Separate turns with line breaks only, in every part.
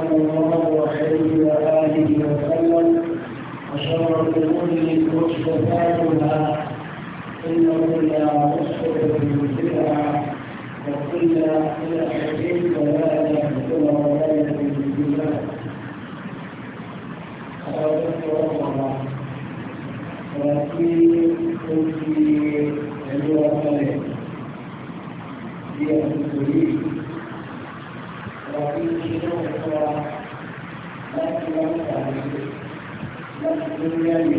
صلى الله عليه وآله وسلم وشر الأمور محدثاتها إن كل محدثة بدعة وكل بدعة ضلالة وكل ضلالة في الله ولكن كنت عندها خير في الكريم
láti wọ́n ń sàrẹ́ láti ní ayé.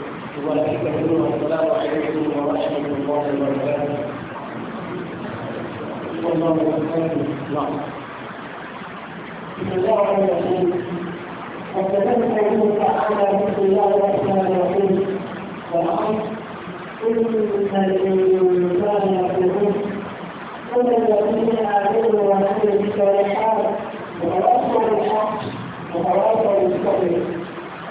والسلام عليكم ورحمة الله وبركاته والله وبركاته نعم بسم الله الرحمن الرحيم
وكذلك يقول تعالى بسم الله الرحمن الرحيم والعصر
إن الإنسان يقول كل الذين آمنوا وعملوا الصالحات وتواصوا بالحق وتواصوا بالصبر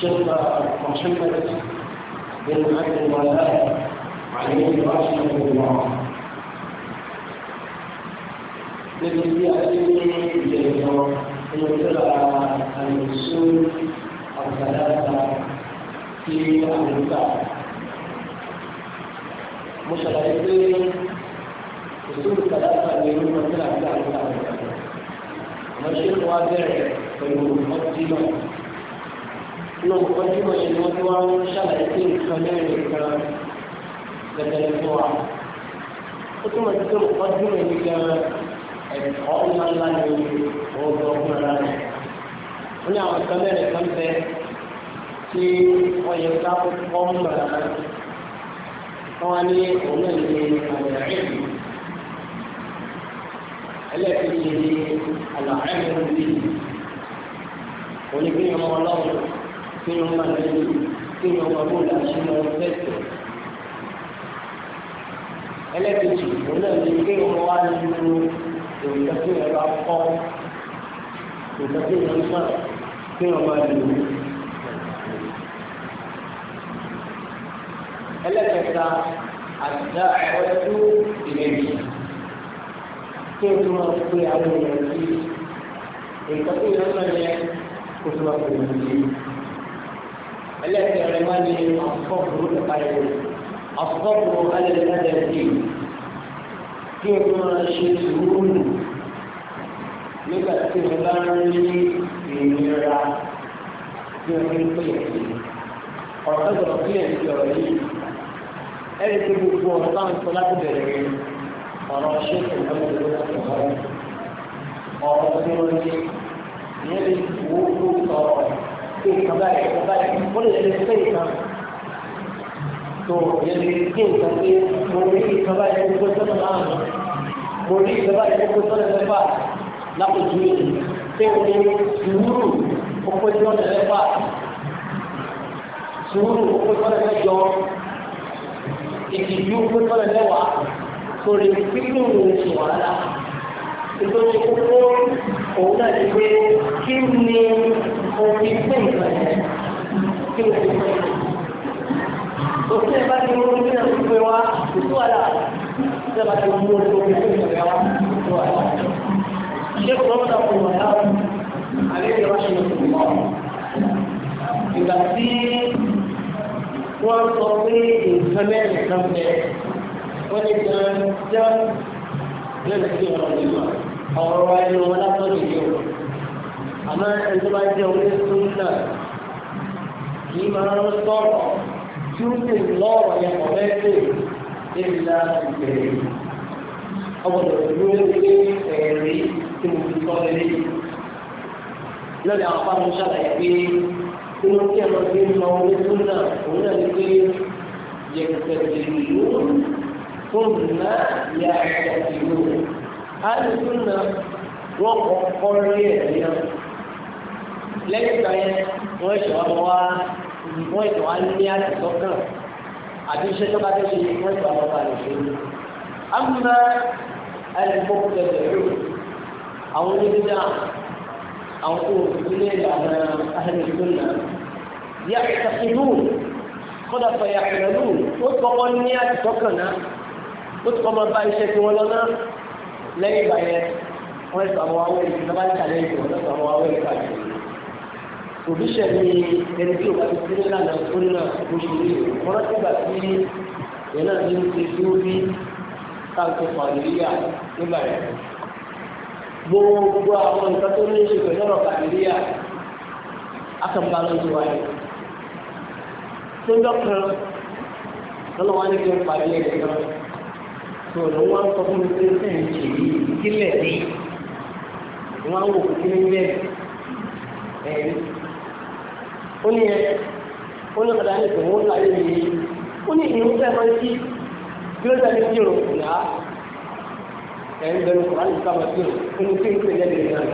الشيخ محمد بن عبد الوهاب عليه رحمه الله الذي يأتيني إليه يطلع الأصول الثلاثة في الباب مشاهدين أصول الثلاثة من المطلع بتاع الباب والشيخ واضع في المقدمة inú ọdún ọ̀sẹ̀ ni wọ́n ti wá ń ṣàlàyé pé nǹkan mẹ́rin kan gbẹ̀dẹ̀lẹ̀ fún wa. ó túmọ̀ sí pé ọdún ẹ̀mí gan ẹ̀kọ́ ńlá ńlá ni wọ́n gbọ́ fún ara rẹ̀. wọ́n ní àwọn nǹkan mẹ́rin kan bẹ tí wọ́n yẹ ká kọ́ ń bàrà wọ́n á ní òun náà ní àwòrán ẹ̀mí. ẹlẹ́ẹ̀kejì ní àlàáfíà ní onígbìyànjú ọlọ́run. kí ni wọ́n máa lè lò kí ni wọ́n máa bó la ṣe máa fẹ́sẹ̀. ẹlẹ́kejì òun náà ni kí wọ́n wá nínú òǹkà tí wọ́n bá kọ́ òǹkà tí wọ́n máa kí wọ́n máa lò. ẹlẹ́kẹta àdá ọ̀ẹ́dú ìrẹ́lẹ̀ kí wọ́n máa pe àwọn èèyàn sí nǹkan tí wọ́n máa yẹ kó tó bá pè é ẹlẹ́sẹ̀ rẹ̀ wá ní ọ̀fọ́fù nípa ẹ̀rọ ọ̀fọ́fù alẹ́lẹ́dẹ̀ sí kí o máa ṣe sùúrù nígbà tí o bá ń rí ìnira tí o ń pè é ọ̀rọ̀ sọ̀rọ̀ kí ẹ̀ ń di ọ̀rọ̀ yìí ẹ̀rí tí gbogbo ọ̀rọ̀ táwọn láti bẹ̀rẹ̀ rẹ̀ ọ̀rọ̀ ṣe ìwọ́n ìlú láti ọ̀rọ̀ ọ̀rọ̀ tí wọ́n ní lè wó kó sọ̀rọ̀ pé nǹkan báyìí nǹkan báyìí wọ́n lè ṣe fẹ́ ìkan tó yẹ lè gé nǹkan pé mo rí nǹkan báyìí gbogbo sọ́nà márùn-ún mo rí nǹkan báyìí gbogbo sọ́nà mẹ́fà lápòjú èyí pé o ní sùúrù gbogbo sọ́nà mẹ́fà sùúrù gbogbo sọ́nà mẹ́jọ ìtìjú gbogbo sọ́nà mẹ́wàá sórí pípín ìròyìn wàhálà ìtọ́jú kókó òun náà ti pé kí ni orin fún ìgbà yẹn kí ni orin fún ìgbà bá ti mú orin náà fún wa kò wà láà tí bá ti mú orin fún ìgbà wa kò wà láà. ṣé kò lọ́wọ́ náà kò wà láà àlẹ́ ìyẹn ṣe lè fún wa. ìgbà tí wọ́n sọ pé nǹkan mẹ́rin kan bẹ̀ wọ́n ní gan-an jẹ́ lẹ́nu sí ọ̀rọ̀ ìgbà ọ̀rọ̀ ẹnu wọn látọ̀dù yìí o àmọ́ ẹni tó bá jẹ́ orí sún náà kì í máa ń sọ̀rọ̀ tí ó sì lọ́ọ̀rọ̀ yẹn kọ̀ bẹ́ẹ̀ lè lè la ìbẹ̀rẹ̀ ọgbọ̀dọ̀ ló ń gbé ẹ̀rí tí mo fi sọ lélẹ̀ lọ́dọ̀ àwọn apá ṣàlàyé pé tí mo kí ẹ̀rọ gbé lọ orí sún náà òun náà ní pé yẹ̀kùtẹ̀ ìlú tó ń ná ìyá alùpùpù náà wọ́n kọ́kọ́ rí ẹ̀rí náà lẹ́yìn ìgbà yẹn wọ́n ṣe wá wá wọ́n ṣe wá ní àtẹ̀tọ́ kan àti iṣẹ́ tó bá tẹ̀sí wọ́n ṣe wá wá wà lóṣù yìí. àmúna alùpùpù tẹ̀sẹ̀ rú àwọn onídìdá àwọn tó ilé ìlànà alùpùpù náà yà kàkínú kódà fẹ̀yà kẹlẹ́lú ó kọ́kọ́ ní àtẹ̀tọ́ kan náà ó kọ́ máa bá iṣẹ́ tí wọ́n lọ náà lẹ́yìn ìgbà yẹn wọ́n sọ àwọn awẹ́ yìí lọ́ba ń tàlẹ́ ìgbà wọ́n sọ àwọn awẹ́ yìí káàkiri òbíṣẹ́ ni ẹni tí o bá ti ti ní lànà fún náà bó ṣe rí wọ́n rántí gbà sí ìyẹn náà ní ti tí ó rí káàkiri fàlùyà nígbà yẹn gbogbo àwọn nǹkan tó ní ṣe pẹ̀lú ọ̀rọ̀ fàlùyà akàmbá ló ti wáyé tó ń dọ́kun lọ́wọ́ wọn ní kí n pàdé ẹ̀gbẹ́ tó ló wá ń sọ fún mi pé ṣe ń ṣe yìí kílẹ̀ ní wọ́n á wò kí ní bẹ́ẹ̀ ẹ̀rí. ó ní ẹ ó ní ọ̀dà nìkan ó láyé mi ó ní ìrún fẹ́ máa ń kí bí ó dáa ní kí òun kò náà ẹ̀ ń bẹ̀rù kọ̀ láti sábà kí òun ó ní kí n pè lẹ́nu ìrìn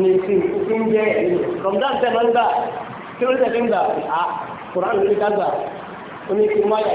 ní kí n kí ń jẹ́ ẹ̀rí rọ̀mùdán tẹ̀ máa ń gbà kí ló tẹ̀ fi ń gbà á kùrán ló ti ká ó ní kí n má yà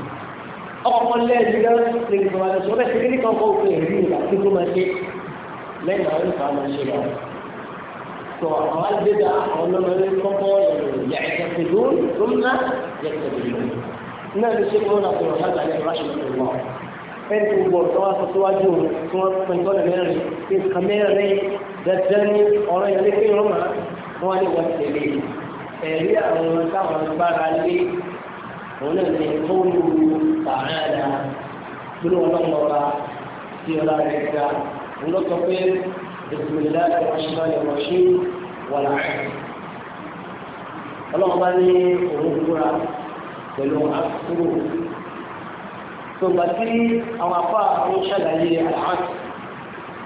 ọkọ̀ lẹ́yìn náà lè gbọ́ àwọn ẹ̀sọ́ bẹ́ẹ̀ kékeré kan kọ́ òfin ìlú ìlà tó tó máa ṣe lẹ́yìn àwọn ìfà máa ṣe lọ. tó àwọn àgbẹ̀dà àwọn ọlọ́mọdé kọ́kọ́ yàtọ̀ tẹ̀lú gómìnà yàtọ̀ tẹ̀lú. náà ló ṣe kí wọ́n àtọ̀rọ̀ lágbàá ní ìrọ̀ṣẹ̀ lọ́wọ́. ẹni tó gbọ́ tó wá sọ síwájú òun tí wọ́n pẹ̀lú mẹ́rin nǹkan mẹ́rin òun náà ní kóòlù tààdà gbólú ọlọ́mọba tí ọlá rẹ̀ ga òun lọ́kọ̀ pé ìsìnlẹ̀ ìrọ̀ṣẹ́ ìrọ̀ṣẹ́ wà láàrin. ọlọ́mọba ní òun kúra pẹ̀lú àkúrò tó gbà tí àwọn afá ń ṣàlàyé àlàáfíà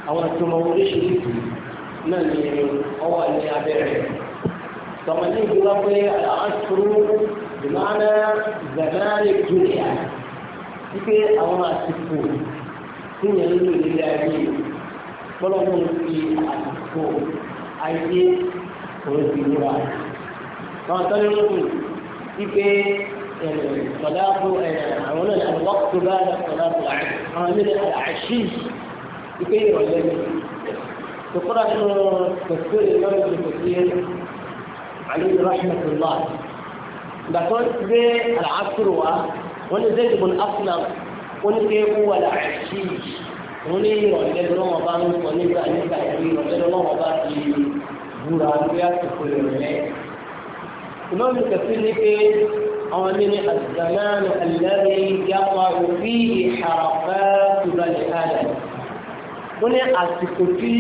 àwọn ìtumọ̀ oríṣiríṣi náà ní ọwọ́ ní abẹ́rẹ́ tọmọdé ìgbéwá pé àlàáfíà ìmọ̀ràn zàdáàrí dúnìá wípé àwọn àsìkò tí yẹn ń lò nílé ayé fọlọ́mù fi àsìkò ayé òbí wúra. Àwọn àtọ́lé lókun wípé sọ̀dáàfù àwọn náà ní àlùbọ́kù bá dà sọ̀dáàfù àṣì àwọn ilé àṣì wípé ìrọ̀lẹ́ mi. Tòkúrà nínú tòkúrè lọ́rùn tòkúrè àlùbọ́kù rahmatulahi. gbàtọ́ gbé àlàáfíà wa wọ́n ní zayd bin aslam wọ́n ní pé ó wà láàṣì wọ́n ní ìrọ̀lẹ́ lọ́wọ́ bá ń sọ nígbà nígbà yìí ìrọ̀lẹ́ lọ́wọ́ bá ti búra bí àsìkò ìrọ̀lẹ́. ìmọ̀ mi kẹ̀sí ni pé àwọn ní ní àzàmánu alẹ́rẹ́ yàtọ̀ òbí ìhàfẹ́ ìbàlẹ̀ àlẹ́. wọ́n ní àsìkò tí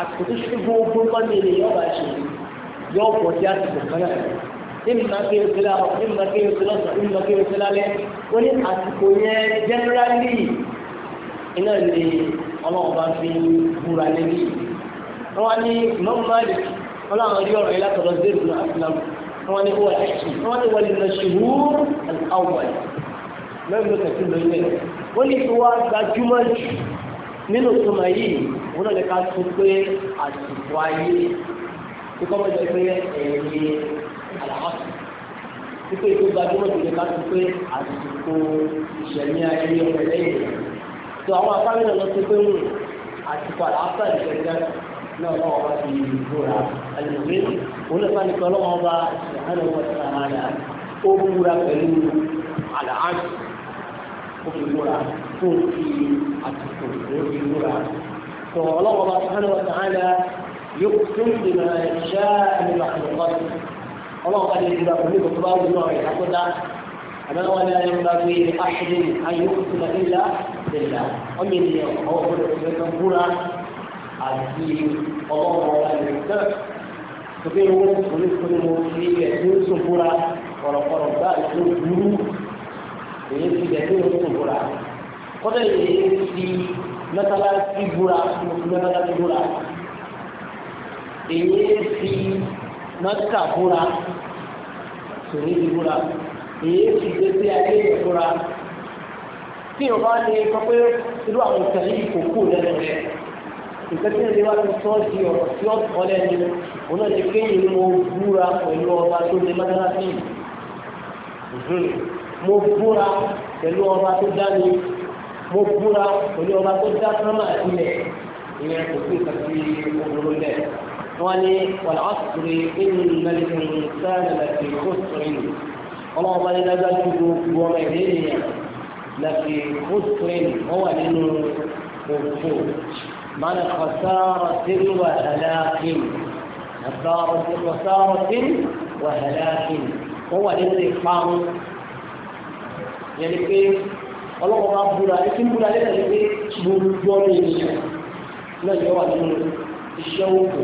àsìkò tí ṣubú gbogbo ní ilé yọ̀ọ̀ bá ṣe yọ̀ọ̀ pọ̀ sí àsìkò kan náà. ìmọ̀ kí o sílá ọ̀ ìmọ̀ kí o sílá ọ̀ ìmọ̀ kí o sílá lẹ́ wọ́n ní àsìkò yẹn jẹ́nẹ́rálì iná ni ọlọ́run bá fi búra lẹ́bí wọ́n ní mọ́mọ́lì ọlọ́run rí ọ̀rọ̀ yìí látọ̀rọ̀ zero náà àfúnáwó wọ́n ní wọ́n ẹ̀kí wọ́n ní wọ́n ní lọ ṣubú àwọn lọ́yìn ló tẹ̀sí lórí rẹ̀ wọ́n ní kí wọ́n gbajúmọ̀ jù nínú ìtumọ̀ yìí wọ́n náà lè ká tún pé àsìkò ayé kíkọ́ mọ́jọ pé ẹ̀yẹ àlàáfíà pípé tó gbajúmọ̀ tó lè ká tó pé àsìkò ìṣẹ̀mí ayé ọmọ lẹ́yìn rẹ̀ tó àwọn afárá náà lọ sí pé mú hmm, àsìkò àlàáfíà ìṣẹ̀dá náà lọ́wọ́ bá ti búra àlùmí olùfàní kan lọ́wọ́ bá ìṣẹ̀hánà wọ̀ sàmàlà ó búra pẹ̀lú àlàáfíà ó fi búra tó fi àsìkò ó fi búra tó ọlọ́wọ́ bá ìṣẹ̀hánà wọ̀ yóò tún ìdìbò ẹ̀ṣẹ́ ọlọ́run bá lè dìgbà pẹ̀lú ìgbà tó bá wù náà ìyá tó dá àmọ́ wọn ní ayé ńlá bí aṣèlú ayé òkúta ńlá ńlá ọmọ ènìyàn ọwọ́ gbọdọ̀ tó fẹ́ kan búra àti ọlọ́run ọba lè tẹ́ tóbi owó kòlí kòlí mo fi ẹ̀sìn sùn búra kọ̀rọ̀kọ̀rọ̀ gbá ìlú burú èyí fi ẹ̀sìn sùn búra kọ́dọ̀ èyí fi mẹ́tàlá ti búra mẹ́tàlá ti búra èyí fi mọ́tíkà búra sòrí ti búra èyí ti gbé sí ayé ìyẹn búra tí o bá lè sọ pé irú àwọn ìtàn yìí kò kú lẹ́nu rẹ̀ nǹkan tí ìdíwá ti sọ di ọ̀rọ̀ tí ó sọ lẹ́nu òun náà ti kéyìn mo búra pẹ̀lú ọba tó lè mọ́tíkà mo búra pẹ̀lú ọba tó dá mi mo búra pẹ̀lú ọba tó dá sọ́mà sílẹ̀ ìyẹn kò sí ìtàn tí ó ولي والعصر إن الإنسان لفي خسر الله بل نزل ومهينيا لفي خسر هو إنه خسر معنى خسارة وهلاك خسارة خسارة وهلاك هو الانتقام يعني كيف ọlọ́wọ́ bá búra ẹtí ń búra lẹ́tà ní pé gbogbo ọmọ ènìyàn náà yọ wà nínú iṣẹ́ òkú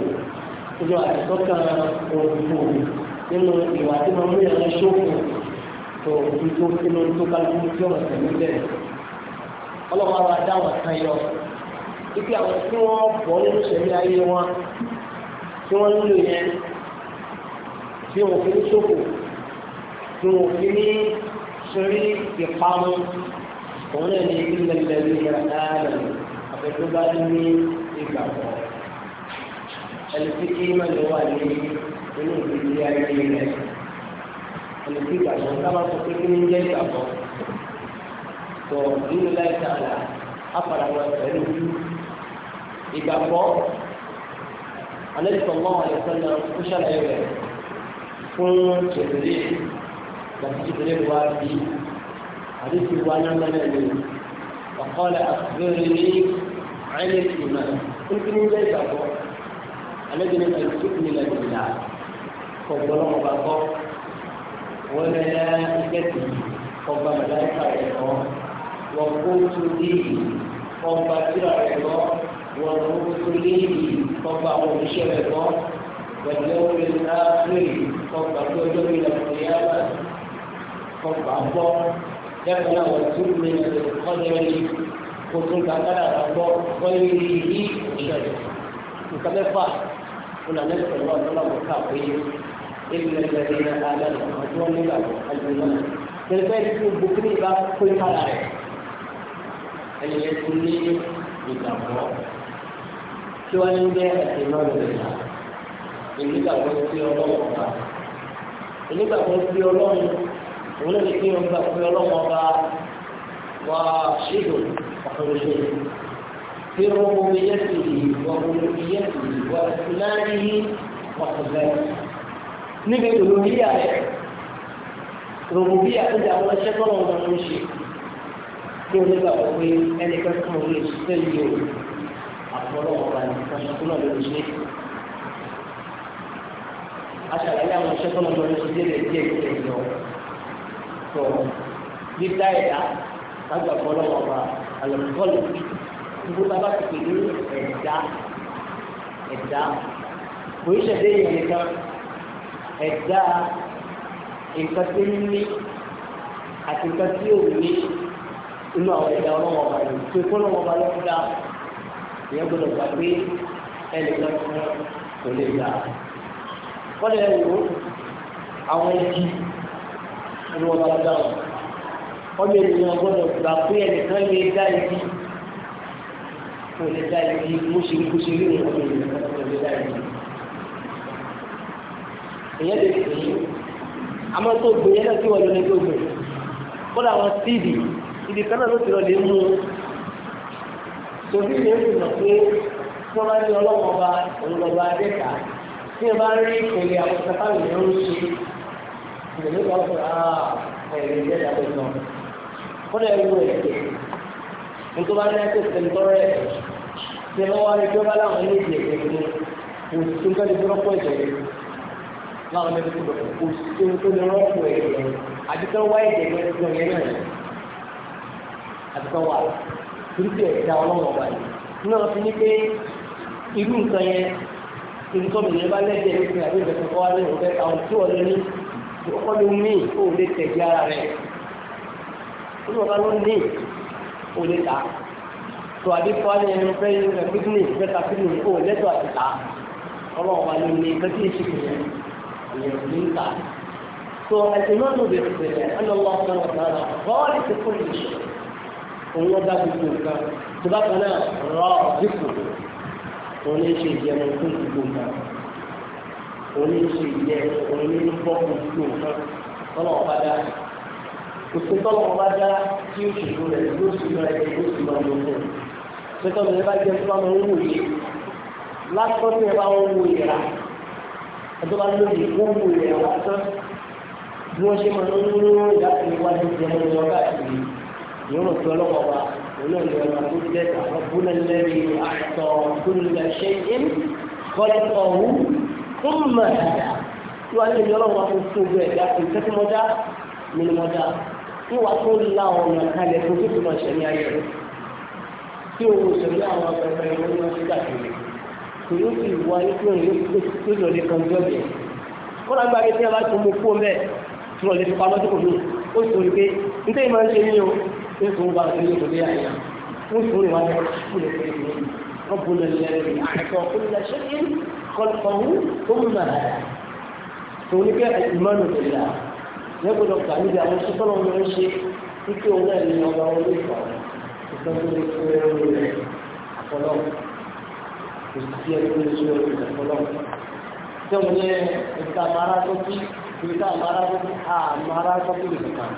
ojú àtìkọ́kà òògùn nínú ìwà tí wọ́n mú ìyàrá ṣókùn tó òògùn tó kínú tó bá lóun tí wọ́n tẹ̀lé bẹ́ẹ̀. ọlọ́wọ́ àwọn adáwọ̀ kan yọ ipe àwọn tí wọ́n bọ̀ nínú ìṣẹ̀lẹ̀ ayé wọn tí wọ́n ń lò yẹn tí wọ́n fi ní ṣókùn tí wọ́n fi ní sórí ìpamọ́ òun náà ní ilẹ̀ ìlẹ̀ ìlẹ̀ àdáàlẹ̀ àbẹ̀tọ́ bá ní ìgbàgbọ́ ẹlòmí kí má lè wà ní inú ìdílé ayé rẹ̀ ẹlòmí gbàgbọ́ sábà sọ pé kí ní jẹ́ ìgbàgbọ́ tó nínú láì sàlà àpàdàwọ̀ pẹ̀lú ìgbàgbọ́ alẹ́sọ̀ mọ́ àlẹ́sọ̀nà ó ṣàlàyé rẹ̀ fún tòlè láti tòlè bí àdéhùn wa náà lọ́nà ní ọ̀kọ́lẹ̀ àkùrẹ́ ní àìlẹ́sìn náà ó kí ní jẹ́ ìgbàgbọ́ alẹ́bí ní ẹ̀sìn ìpínlẹ̀ ìlà ọ̀gbọ́lọ́mọ bá kọ́ wọ́n lé ẹ̀kẹ́tì ọba mẹ́láìkà rẹ̀ kọ́ wọ́n kó tó léyìí ọba tíra rẹ̀ kọ́ wọ́n kó tó léyìí ọba àwọn oníṣẹ́ rẹ̀ kọ́ pẹ̀lú orí láàbùrì ọba tó ọjọ́ ìlà ìyáàbà ọba gbọ́ lẹ́kọ̀ọ́ náà wọ́n tún lè kọ́lẹ́rì kó tó gbàgbára àgbọ̀ kọ́lẹ́rì yìí òṣèlú nǹkan mẹ́fà قلنا نسأل الله تعالى وكافيه إلا الذين آمنوا وأتوا النبات الإيمان تلقين بكري باب كل حرارة أن يكون لي ìgbàgbọ́ tí wọ́n ń bẹ́ ẹ̀sìn náà lè là ìgbàgbọ́ sí ọlọ́wọ́ ọba ìgbàgbọ́ sí ọlọ́run òun lè fi ọgbà sí ọlọ́wọ́ ọba wá ṣèlú ọ̀pọ̀lọpọ̀ في ربوبيته وألوهيته وأسمائه وصفاته níbi olùdíyà rẹ̀ rògbòdíyà tó dà wọ́n ṣẹ́kọ̀ọ́ wọn ló ń ṣe kí o nígbà wọ́n pé ẹni kankan lè ṣiṣẹ́ yìí o àpọ̀lọ́ ọ̀gá nìkan ṣoṣo náà ló ń ṣe. aṣàlàyé àwọn ṣẹ́kọ̀ọ́ wọn ló ń ṣiṣẹ́ lè díẹ̀ díẹ̀ lọ tó dídá ẹ̀dá lágbàgbọ́ gbogbo tá a bá ti pè ní ẹ̀dá ẹ̀dá kò í ṣẹ̀dẹ̀ yìí nìkan ẹ̀dá nǹkan tí ń ní àti nǹkan tí ò ní inú àwọn ẹ̀dá ọlọ́wọ́ ọba yìí tó ikú ọlọ́wọ́ ọba lọ́kú dá ìyẹn gbọdọ̀ gbà pé ẹnìkan fún kò lè gbà. wọ́n lè wò ó àwọn ẹbí ọlọ́wọ́ ọba lọ́dọ̀ ọmọ ènìyàn gbọdọ̀ gbà pé ẹnìkan lè dá ẹbí kò lè dá ibi bó ṣe bó ṣe rí òun kò lè kò lè dá ibi. èyàn lè pè é àmọ́ tó gbé yẹn náà kí wọ́n lọ ní tó gbé kódà àwọn síìdì ibi kan náà ló ti lọ lè mú un. tòbí lè fi mọ̀ pé tí wọ́n bá ní ọlọ́wọ́ ọba òun lọ́ba adẹ́ta tí wọ́n bá rí ìpele àwọn sábàbí ni ó ń ṣe ìdílé kan fún ṣe wọ́n wá ní tí ó bá láwọn ilé ìdí ẹ̀jẹ̀ ní òṣìṣẹ́ tó lè rọ́pò ẹ̀jẹ̀ rẹ̀ láwọn ilé ìdí òṣìṣẹ́ tó lè rọ́pò ẹ̀jẹ̀ rẹ̀ àdìsọ́ wá ẹ̀jẹ̀ rẹ̀ tó yẹ náà àdìsọ́ wà torípé ẹ̀dá ọlọ́wọ́ ọba yìí náà fi ní pé irú nǹkan yẹn nǹkan mìíràn bá lẹ́jẹ̀ ní ìpínlẹ̀ wá ní tó àdékọ́ á ní ẹni fẹ́ rẹ̀ pínpín ìfẹ́ta pínpín ìfò lẹ́tọ̀ àtìta ọlọ́run wa ló ní ẹgbẹ́ tí èsì kìí ìyẹn ní ìta. tó ẹ̀sìn náà ló bẹ̀rẹ̀ pẹ̀lẹ́ ẹ̀nà wọn kan wọ̀ sára bọ́ọ̀lì ti kún ìṣẹ̀ òun ló dá gbogbo nǹkan tó bá kan náà rọ dípò òun ní ṣe ìjẹun fún gbogbo nǹkan òun ní ṣe ìjẹun òun ní bọ́ gbogbo nǹkan ọlọ́run bá dá òsèntọ́lọ́run bá dá tí ó ṣètò rẹ̀ ló sì lọ ẹ̀ ló sì lọ lọ́kùnrin pẹ̀tọ́ mi bá jẹ́ tó bá máa ń wò yìí lásìkò tí ẹ bá ń wò yìí rà ẹjọ́ bá lóye wọ́n wò yìí rà lásán bí wọ́n ṣe máa ń wò yìí láti wájú jẹ́ ní ọjọ́ káàkiri ìrọ̀rùn tí ọlọ́pàá wa òun náà ní ọ̀nà tó jẹ́ àbúlé lẹ́rí àtọ̀ tó lè ṣe é kọ́lẹ́tọ̀ wù tó mọ̀ tí wọ́n lè ní ọlọ́pàá tó tó gbé tí òun òṣèlú àwọn ọ̀pẹ̀pẹ̀ ìwé wọn ti dàkìrì kò yóò fi ìwà ikú rẹ̀ yóò lọ lé kan jọ́bì ó lágbá ayé tí a bá tún mú kú ọmọ ẹ̀ tí wọ́n lè fi pamọ́ dípò lóò ó sì rí pé nítorí máa ń ṣe ní o ó sì ń bá ọ̀sẹ̀ ní ìtòlé àyà ó sì ń wá ní ọ̀sẹ̀ ربنا الذي أعطى كل شيء خلقه ثم هدى تونك الإيمان بالله يقول لك تعالى ìtọ́jú lè fún ẹrù rẹ̀ àfọlọ́ kò sí ẹrù lè fún ẹrù rẹ̀ àfọlọ́. sẹ́wọ̀n yẹ ìta mara tó kí ìta mara tó kí a mara tó kí nìkan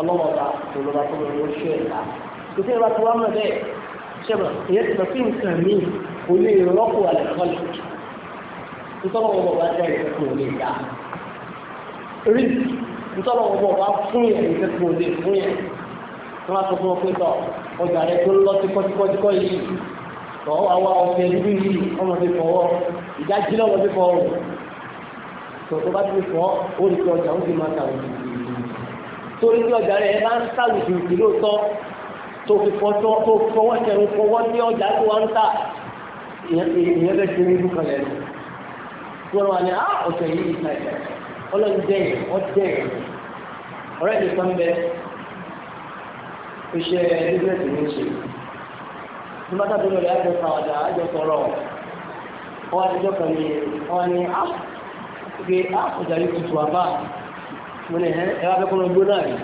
ọlọ́mọba kò lọ́ba tó lọ́wọ́ ṣe ẹ̀dá. kò sí ẹ̀rọ àti wàá mọ̀ bẹ́ẹ̀ sẹ́wọ̀n ìyẹn ti sọ fún nǹkan mi kò lè rọ́pò àlẹ́ kọ́lẹ̀ nítorí wọn bá dá ìfẹ́ kò lè dá rí nítorí wọn bá fún yẹn ìfẹ́ kò lè fún yẹn tí wọ́n sọ fún ọkọ̀ ìtọ̀ ọjà rẹ̀ tó lọ sí kọ́tíkọ́tíkọ́ yìí tọ́ àwa ọ̀fẹ́ níbí yìí ọmọ ti fọwọ́ ìdájí náà wọ́n ti fọ ọ̀rùn tó tó bá ti fọ́ ó lè fi ọjà ó ti máa tàwọn torí tí ọjà rẹ̀ bá ń sàlùjù ìlóòótọ́ tó fi fọ́tọ́ tó fọwọ́ tẹ̀rù fọwọ́ ní ọjà tó wá ń tà ìyẹn bẹ́ẹ̀ ṣe ní ìlú kan lẹ́nu iṣẹ́ bísíǹsì ní ṣe ní bá tàbí lórí àjọ sàwádà àjọ sọ̀rọ̀ wọn àjọ kan ní wọn ní ah, pé ah, ọjà yìí tutù àbá mo ní ẹ wá fẹ́ kọ́ lọ gbóná rẹ̀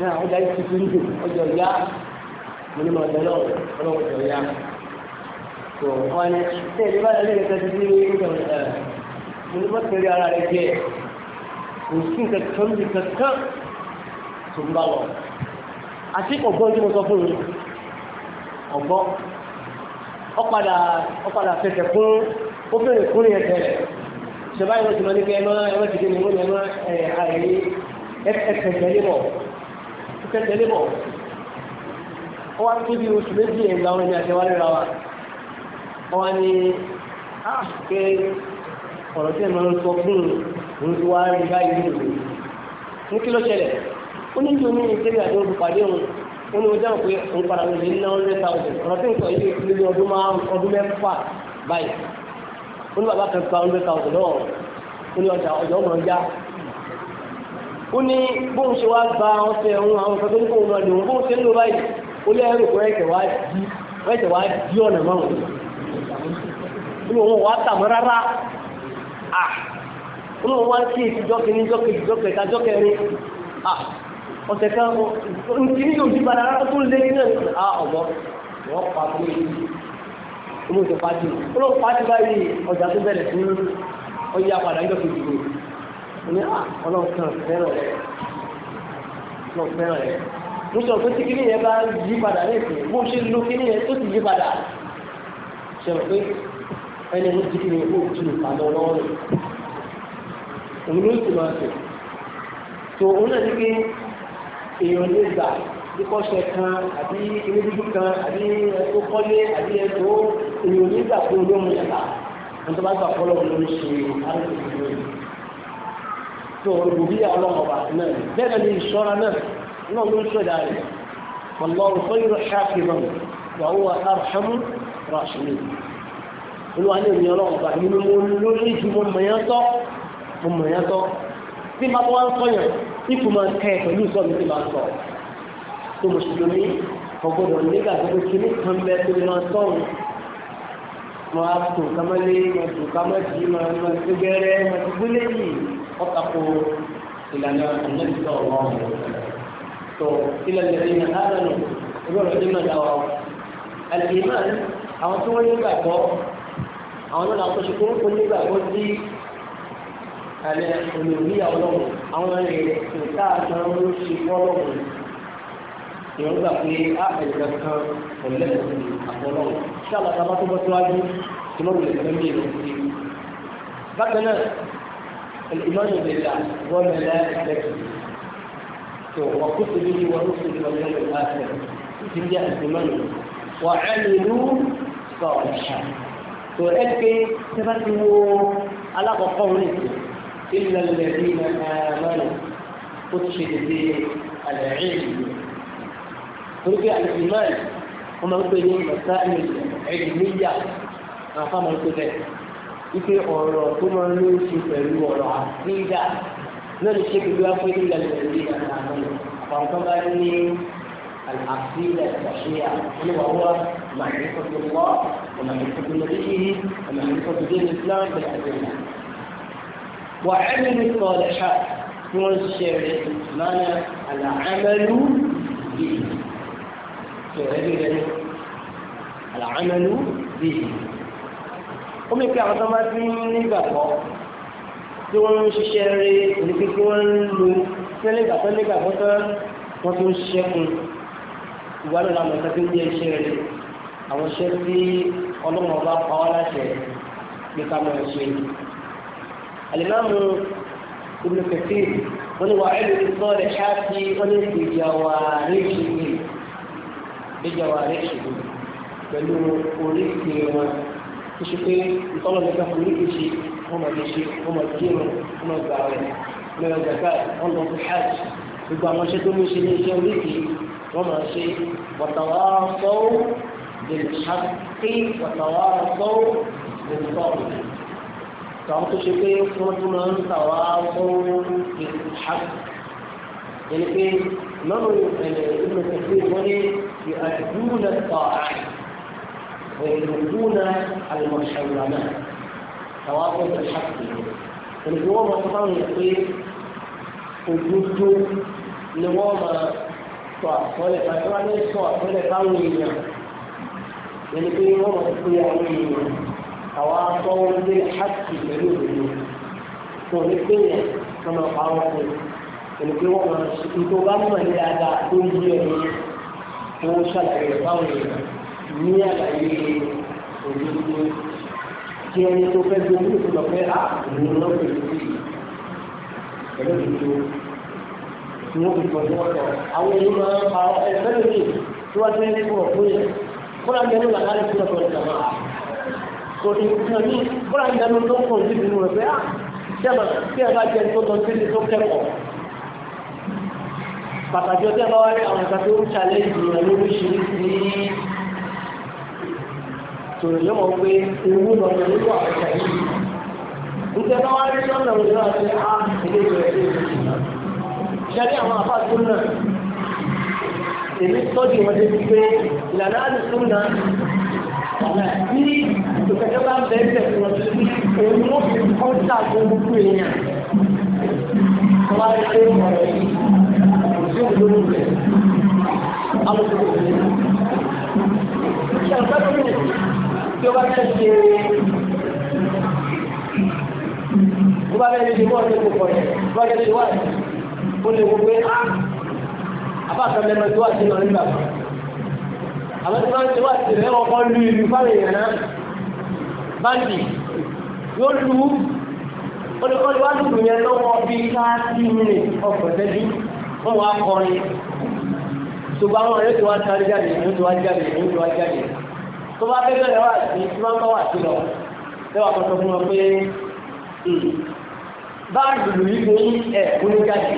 náà ọjà yìí tutù ní ọjọ́ ìyá mo ní mọ̀ ọ̀dọ́ lọ́wọ́ ọlọ́wọ́ ọjọ́ ìyá tó wọn ní ṣé ìdí bá tẹ̀lé ìrẹsẹ̀ ti ní ìjọ ẹ̀ mo ní bọ́ọ̀tì rí ara rẹ̀ jẹ́ kò sí nǹkan kan nǹkan kan tó ń bá wọn àti ọgbọ́n tí mo sọ fún mi ọgbọ́n ọ̀padà ọ̀padà fẹsẹ̀ fún ó fẹ̀rẹ̀ fún yẹn tẹ̀lẹ̀ ṣẹba ìwé tí mo ní kẹ́ ẹ máa ẹ máa ti dé ní ìwé yẹn máa ẹ àyè ẹsẹ̀ lébọ̀ ẹsẹ̀ lébọ̀ ó wá tóbi oṣù méjì ẹ̀ làwọn ẹni àti wálé ra wa wọ́n ní ah, ọ̀rọ̀ tí ẹ̀ ń sọ fún òun ti wá rí báyìí ní ó ní ìlú ní nàìjíríà ní olùpàdé òun ó ní ojú àwọn pé òun padà lè ní náà hundred thousand ọ̀rọ̀ tí nǹkan yìí ti lé ọdún máa ọdún mẹ́fà báyìí ó ní bàbá kan gba hundred thousand náà ó ní ọjà ọjà ọmọ ọjà ó ní bóun ṣe wá gba ọ̀sẹ̀ òun àwọn ọ̀sẹ̀ tó ní kóun náà lòun bóun ṣe ń lò báyìí ó lé ẹrù kó ẹ̀jẹ̀ wá di ọ̀nà márùn ó ní òun wá tàmọ́ rárá ó ní wá sí ìtijọ́ kìíní jọ́ kejì jọ́ kẹta ọ̀sẹ̀ kan ní ní òjì padà rárá tó lé nínú ẹ̀ á ọ̀bọ̀ wọ́n pa fún mi inú ìṣẹ̀ pàtì ó lọ pàtì báyìí ọjà tó bẹ̀rẹ̀ sí ọjà padà ń dọ̀kì dìbò ní ah, ọlọ́ọ̀kan fẹ́ràn rẹ̀ ọlọ́ọ̀kan fẹ́ràn rẹ̀ mo sọ pé tí kíní yẹn bá yí padà lẹ́sìn bó ṣe lo kíní yẹn tó ti yí padà ṣe pé ẹni ló ti kíní kó tu ìpàdé ọlọ́run òun ló sì máa sè tó òun náà ní pé èèyàn lè gbà kíkọ́ṣẹ kan àbí irúdúdú kan àbí ẹ̀kọ́ kọ́lé àbí ẹ̀kọ́ èèyàn lè gbà fún olóhùn yàrá wọn tó bá gbà fọlọ́ ló ń ṣe àrùn ìlú tó olùbí ọlọ́mọba náà bẹ́ẹ̀ ni ìṣọ́ra náà náà ló ń ṣọ̀dá rẹ̀ والله خير حافظا وهو أرحم الراحمين olùwà ní ìrìn ọlọ́run bá nínú mo lórí ju mo mọ̀ yẹn tí máa wọ́n sọ yàn ikú máa tẹ pẹ̀lú sọ mi tí máa sọ tó mùsùlùmí ọgbọ́dọ̀ nígbà tó kí ní kan bẹ tó máa sọ̀rọ̀ máa tò kámẹ́lé máa tò kámẹ́jì máa máa tó gẹ́rẹ́ máa tó gbélé yìí ọ̀tàkù ìlànà ìlẹ́sọ̀ wọn tó ilẹ̀ lẹ́yìn náà lánàá ìgbọ́dọ̀ ní màdà wa àlìmọ́ àwọn tó wọ́n nígbàgbọ́ àwọn náà làwọn àlẹ́ olùbíyà ọlọ́run àwọn èrè ìta kan ló ṣe fọ́lọ́run ìwọ́n gbà pé àpẹẹrẹ kan ọ̀lẹ́sìn àfọlọ́run ṣé àlàkà bá tó bọ́ síwájú tí wọ́n wulẹ̀ fẹ́ mí lọ sí i. bákan náà ìmọ̀nù ìlera wọ́n mẹ́lẹ́ ẹ̀ẹ́dẹ́gbẹ̀ tó wọ́n kó tóbi ní wọn ó sì lọ sí ọ̀lẹ́ àṣẹ ti ń jẹ́ ìmọ̀nù wà lè lú sọ̀rọ̀ tó ẹ pé tẹ́fà ti wo alákọ̀ọ́kọ́ wọn nìyí إلا الذين آمنوا أدخل به العلم ترجع الإيمان وما يقول مسائل علمية ما فهم الكتاب ife ọ̀rọ̀ tó máa ń lóyún sí pẹ̀lú ọ̀rọ̀ àfíìdá náà lè ṣe gbogbo afẹ́ nígbà nàìjíríà náà àwọn kan bá ní àfíìdá ìgbàṣẹ́yà oníwàwọ́ màmí kọ́tù wọ́ màmí kọ́tù lórí yìí màmí kọ́tù dé ní islam bẹ̀rẹ̀ àjẹmọ́. وعملوا الصالحات والشرع معنى العمل به العمل به omi pé àwọn tó máa ti ń nígbàgbọ́ tí wọ́n ń ṣiṣẹ́ rí oníkí tí wọ́n ń lo tẹ́lẹ̀gbà tó nígbàgbọ́ tó wọ́n tó ń ṣiṣẹ́ fún ìwádìí làwọn ọ̀sẹ̀ tó ń àwọn iṣẹ́ tí ọlọ́mọba pa láṣẹ pé ká máa الإمام ابن كثير ونوعد الصالحات ونسي جوارحه بجوارحه بلو أوليكي وما تشوفي يطلع لك أوليكي شيء هما بشيء هما الجيم هما الزعوان هما الزكاة هما في الحاج يبقى ما شدوا من شيء من وما شيء وتواصوا بالحق وتواصوا بالصبر tàwọn tó ṣe pé wọ́n tún máa ń tàwa يؤدون الطاعات ويتركون المحرمات تواصل بالحق النظام الطاعي يقول وجود نظام تواصل فتوى ليس تواصل يعني في نظام تقوي عويه àwọn atọ́wọ́ gbé hàtì pẹ̀lú òdodo tó ní pé yẹn kí wọ́n pa wọ́n fún ẹni pé wọ́n máa ṣe tó bá mọ̀ ní dáadáa tó ń yí ẹni tó ń ṣàlàyé rẹ̀ báwọn èèyàn ní àlàyé òdodo kí ẹni tó fẹ́ gbé ojú ìfúnná pé a ah, òun náà pè pẹ̀lú òdodo ni wọ́n fi tọ́jú wọn lọ àwọn èèyàn máa ń pa ẹgbẹ́ lónìí tí wọ́n ti ń lé fún ọ̀pọ̀ yẹn fúnra kò ní kàn ní bọ́lá ìdánù tó kàn sí ìdùnnú rẹ̀ pé àtẹ́mà ah, tí ẹ bá jẹ tó lọ sí tó kẹ́kọ̀ọ́ pàtàkì ọjọ́ bá wáyé àwọn ìgbà tó ń ṣàlẹ̀ ìdùnnú lóríṣiríṣi ní tòrò lọ́mọ pé owó lọ́mọ nínú àwọn ìgbà yìí ìgbà bá wáyé lọ́nà òun náà ṣe á ilé ìwé ilé ìwé ṣẹ́ni àwọn àbá tó náà èmi tọ́jú wọn dé pé ìlànà àdìsúnà kan náà ní ìtòkẹ́jọ́ bá ń bẹ́ẹ̀ bẹ̀rẹ̀ lọ sí òun ó fi kọ́ ṣàgbọ́ gbogbo èèyàn tó bá rí
pé ọ̀rọ̀ yìí kò sí òdodo rẹ̀ alùpùpù rẹ̀.
ṣàǹfẹ́ lórí tí ó bá fẹ́ ṣe àwọn tí wọ́n ti wá sí rẹ̀ ọkọ̀ lu ìlú fáwọn èèyàn náà báńkì yóò lu olùkọ́ni wá lùlù yẹn lọ́wọ́ bí káàkiri mìíràn ọ̀pọ̀lẹ́bí wọ́n wá kọrin ṣùgbọ́n àwọn ọ̀rẹ́ tí wọ́n sáré jáde ìlú tí wọ́n jáde ìlú tí wọ́n jáde tó bá fẹ́ bẹ̀rẹ̀ wá sí tí wọ́n bá wà sí lọ lẹ́wà kan sọ fún wọn pé hmm, báàgì lùlù yìí ní ẹ̀kúnlé jáde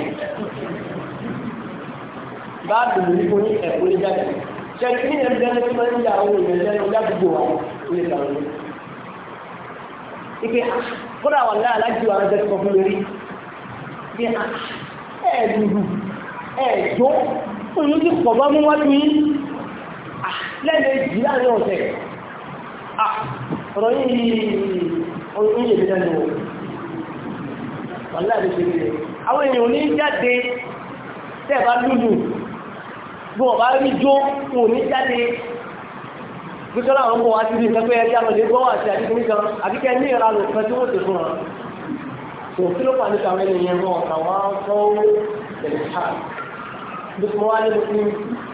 báàgì lùlù yìí ní ẹ̀kúnlé jáde ṣẹ̀kí ní ẹgbẹ́ tó máa ń yà àwọn èèyàn lẹ́nu ládùúgbò wa ní ìlànà rẹ̀. ike kódà wà láyà lájú àwọn ẹgbẹ́ tó kọ́ fún lórí ike ẹ̀ dùdù ẹ̀ jó oyún ti pọ̀ bá mú wá ní lẹ́nu èjì láàrin ọ̀sẹ̀ ọ̀rọ̀ yìí oyún yìí lè lẹ́nu wà láyà lè ṣe àwọn èèyàn ò ní jáde tẹ́ẹ̀ bá dúdú bí wọ́n bá rí jó kò ní jáde gbígbọ́n àwọn ọmọ wa ti rí ìfẹ́ pé ẹja lọ lè gbọ́ wà sí àdínkù nìkan àbíkẹ́ ní ìra lò fẹ́ tí wọ́n ti fún wọn. kò kí ló fà ní kàwé nìyẹn wọn àwọn afọ́ tẹ̀lé ká bí mo wá ní mo ti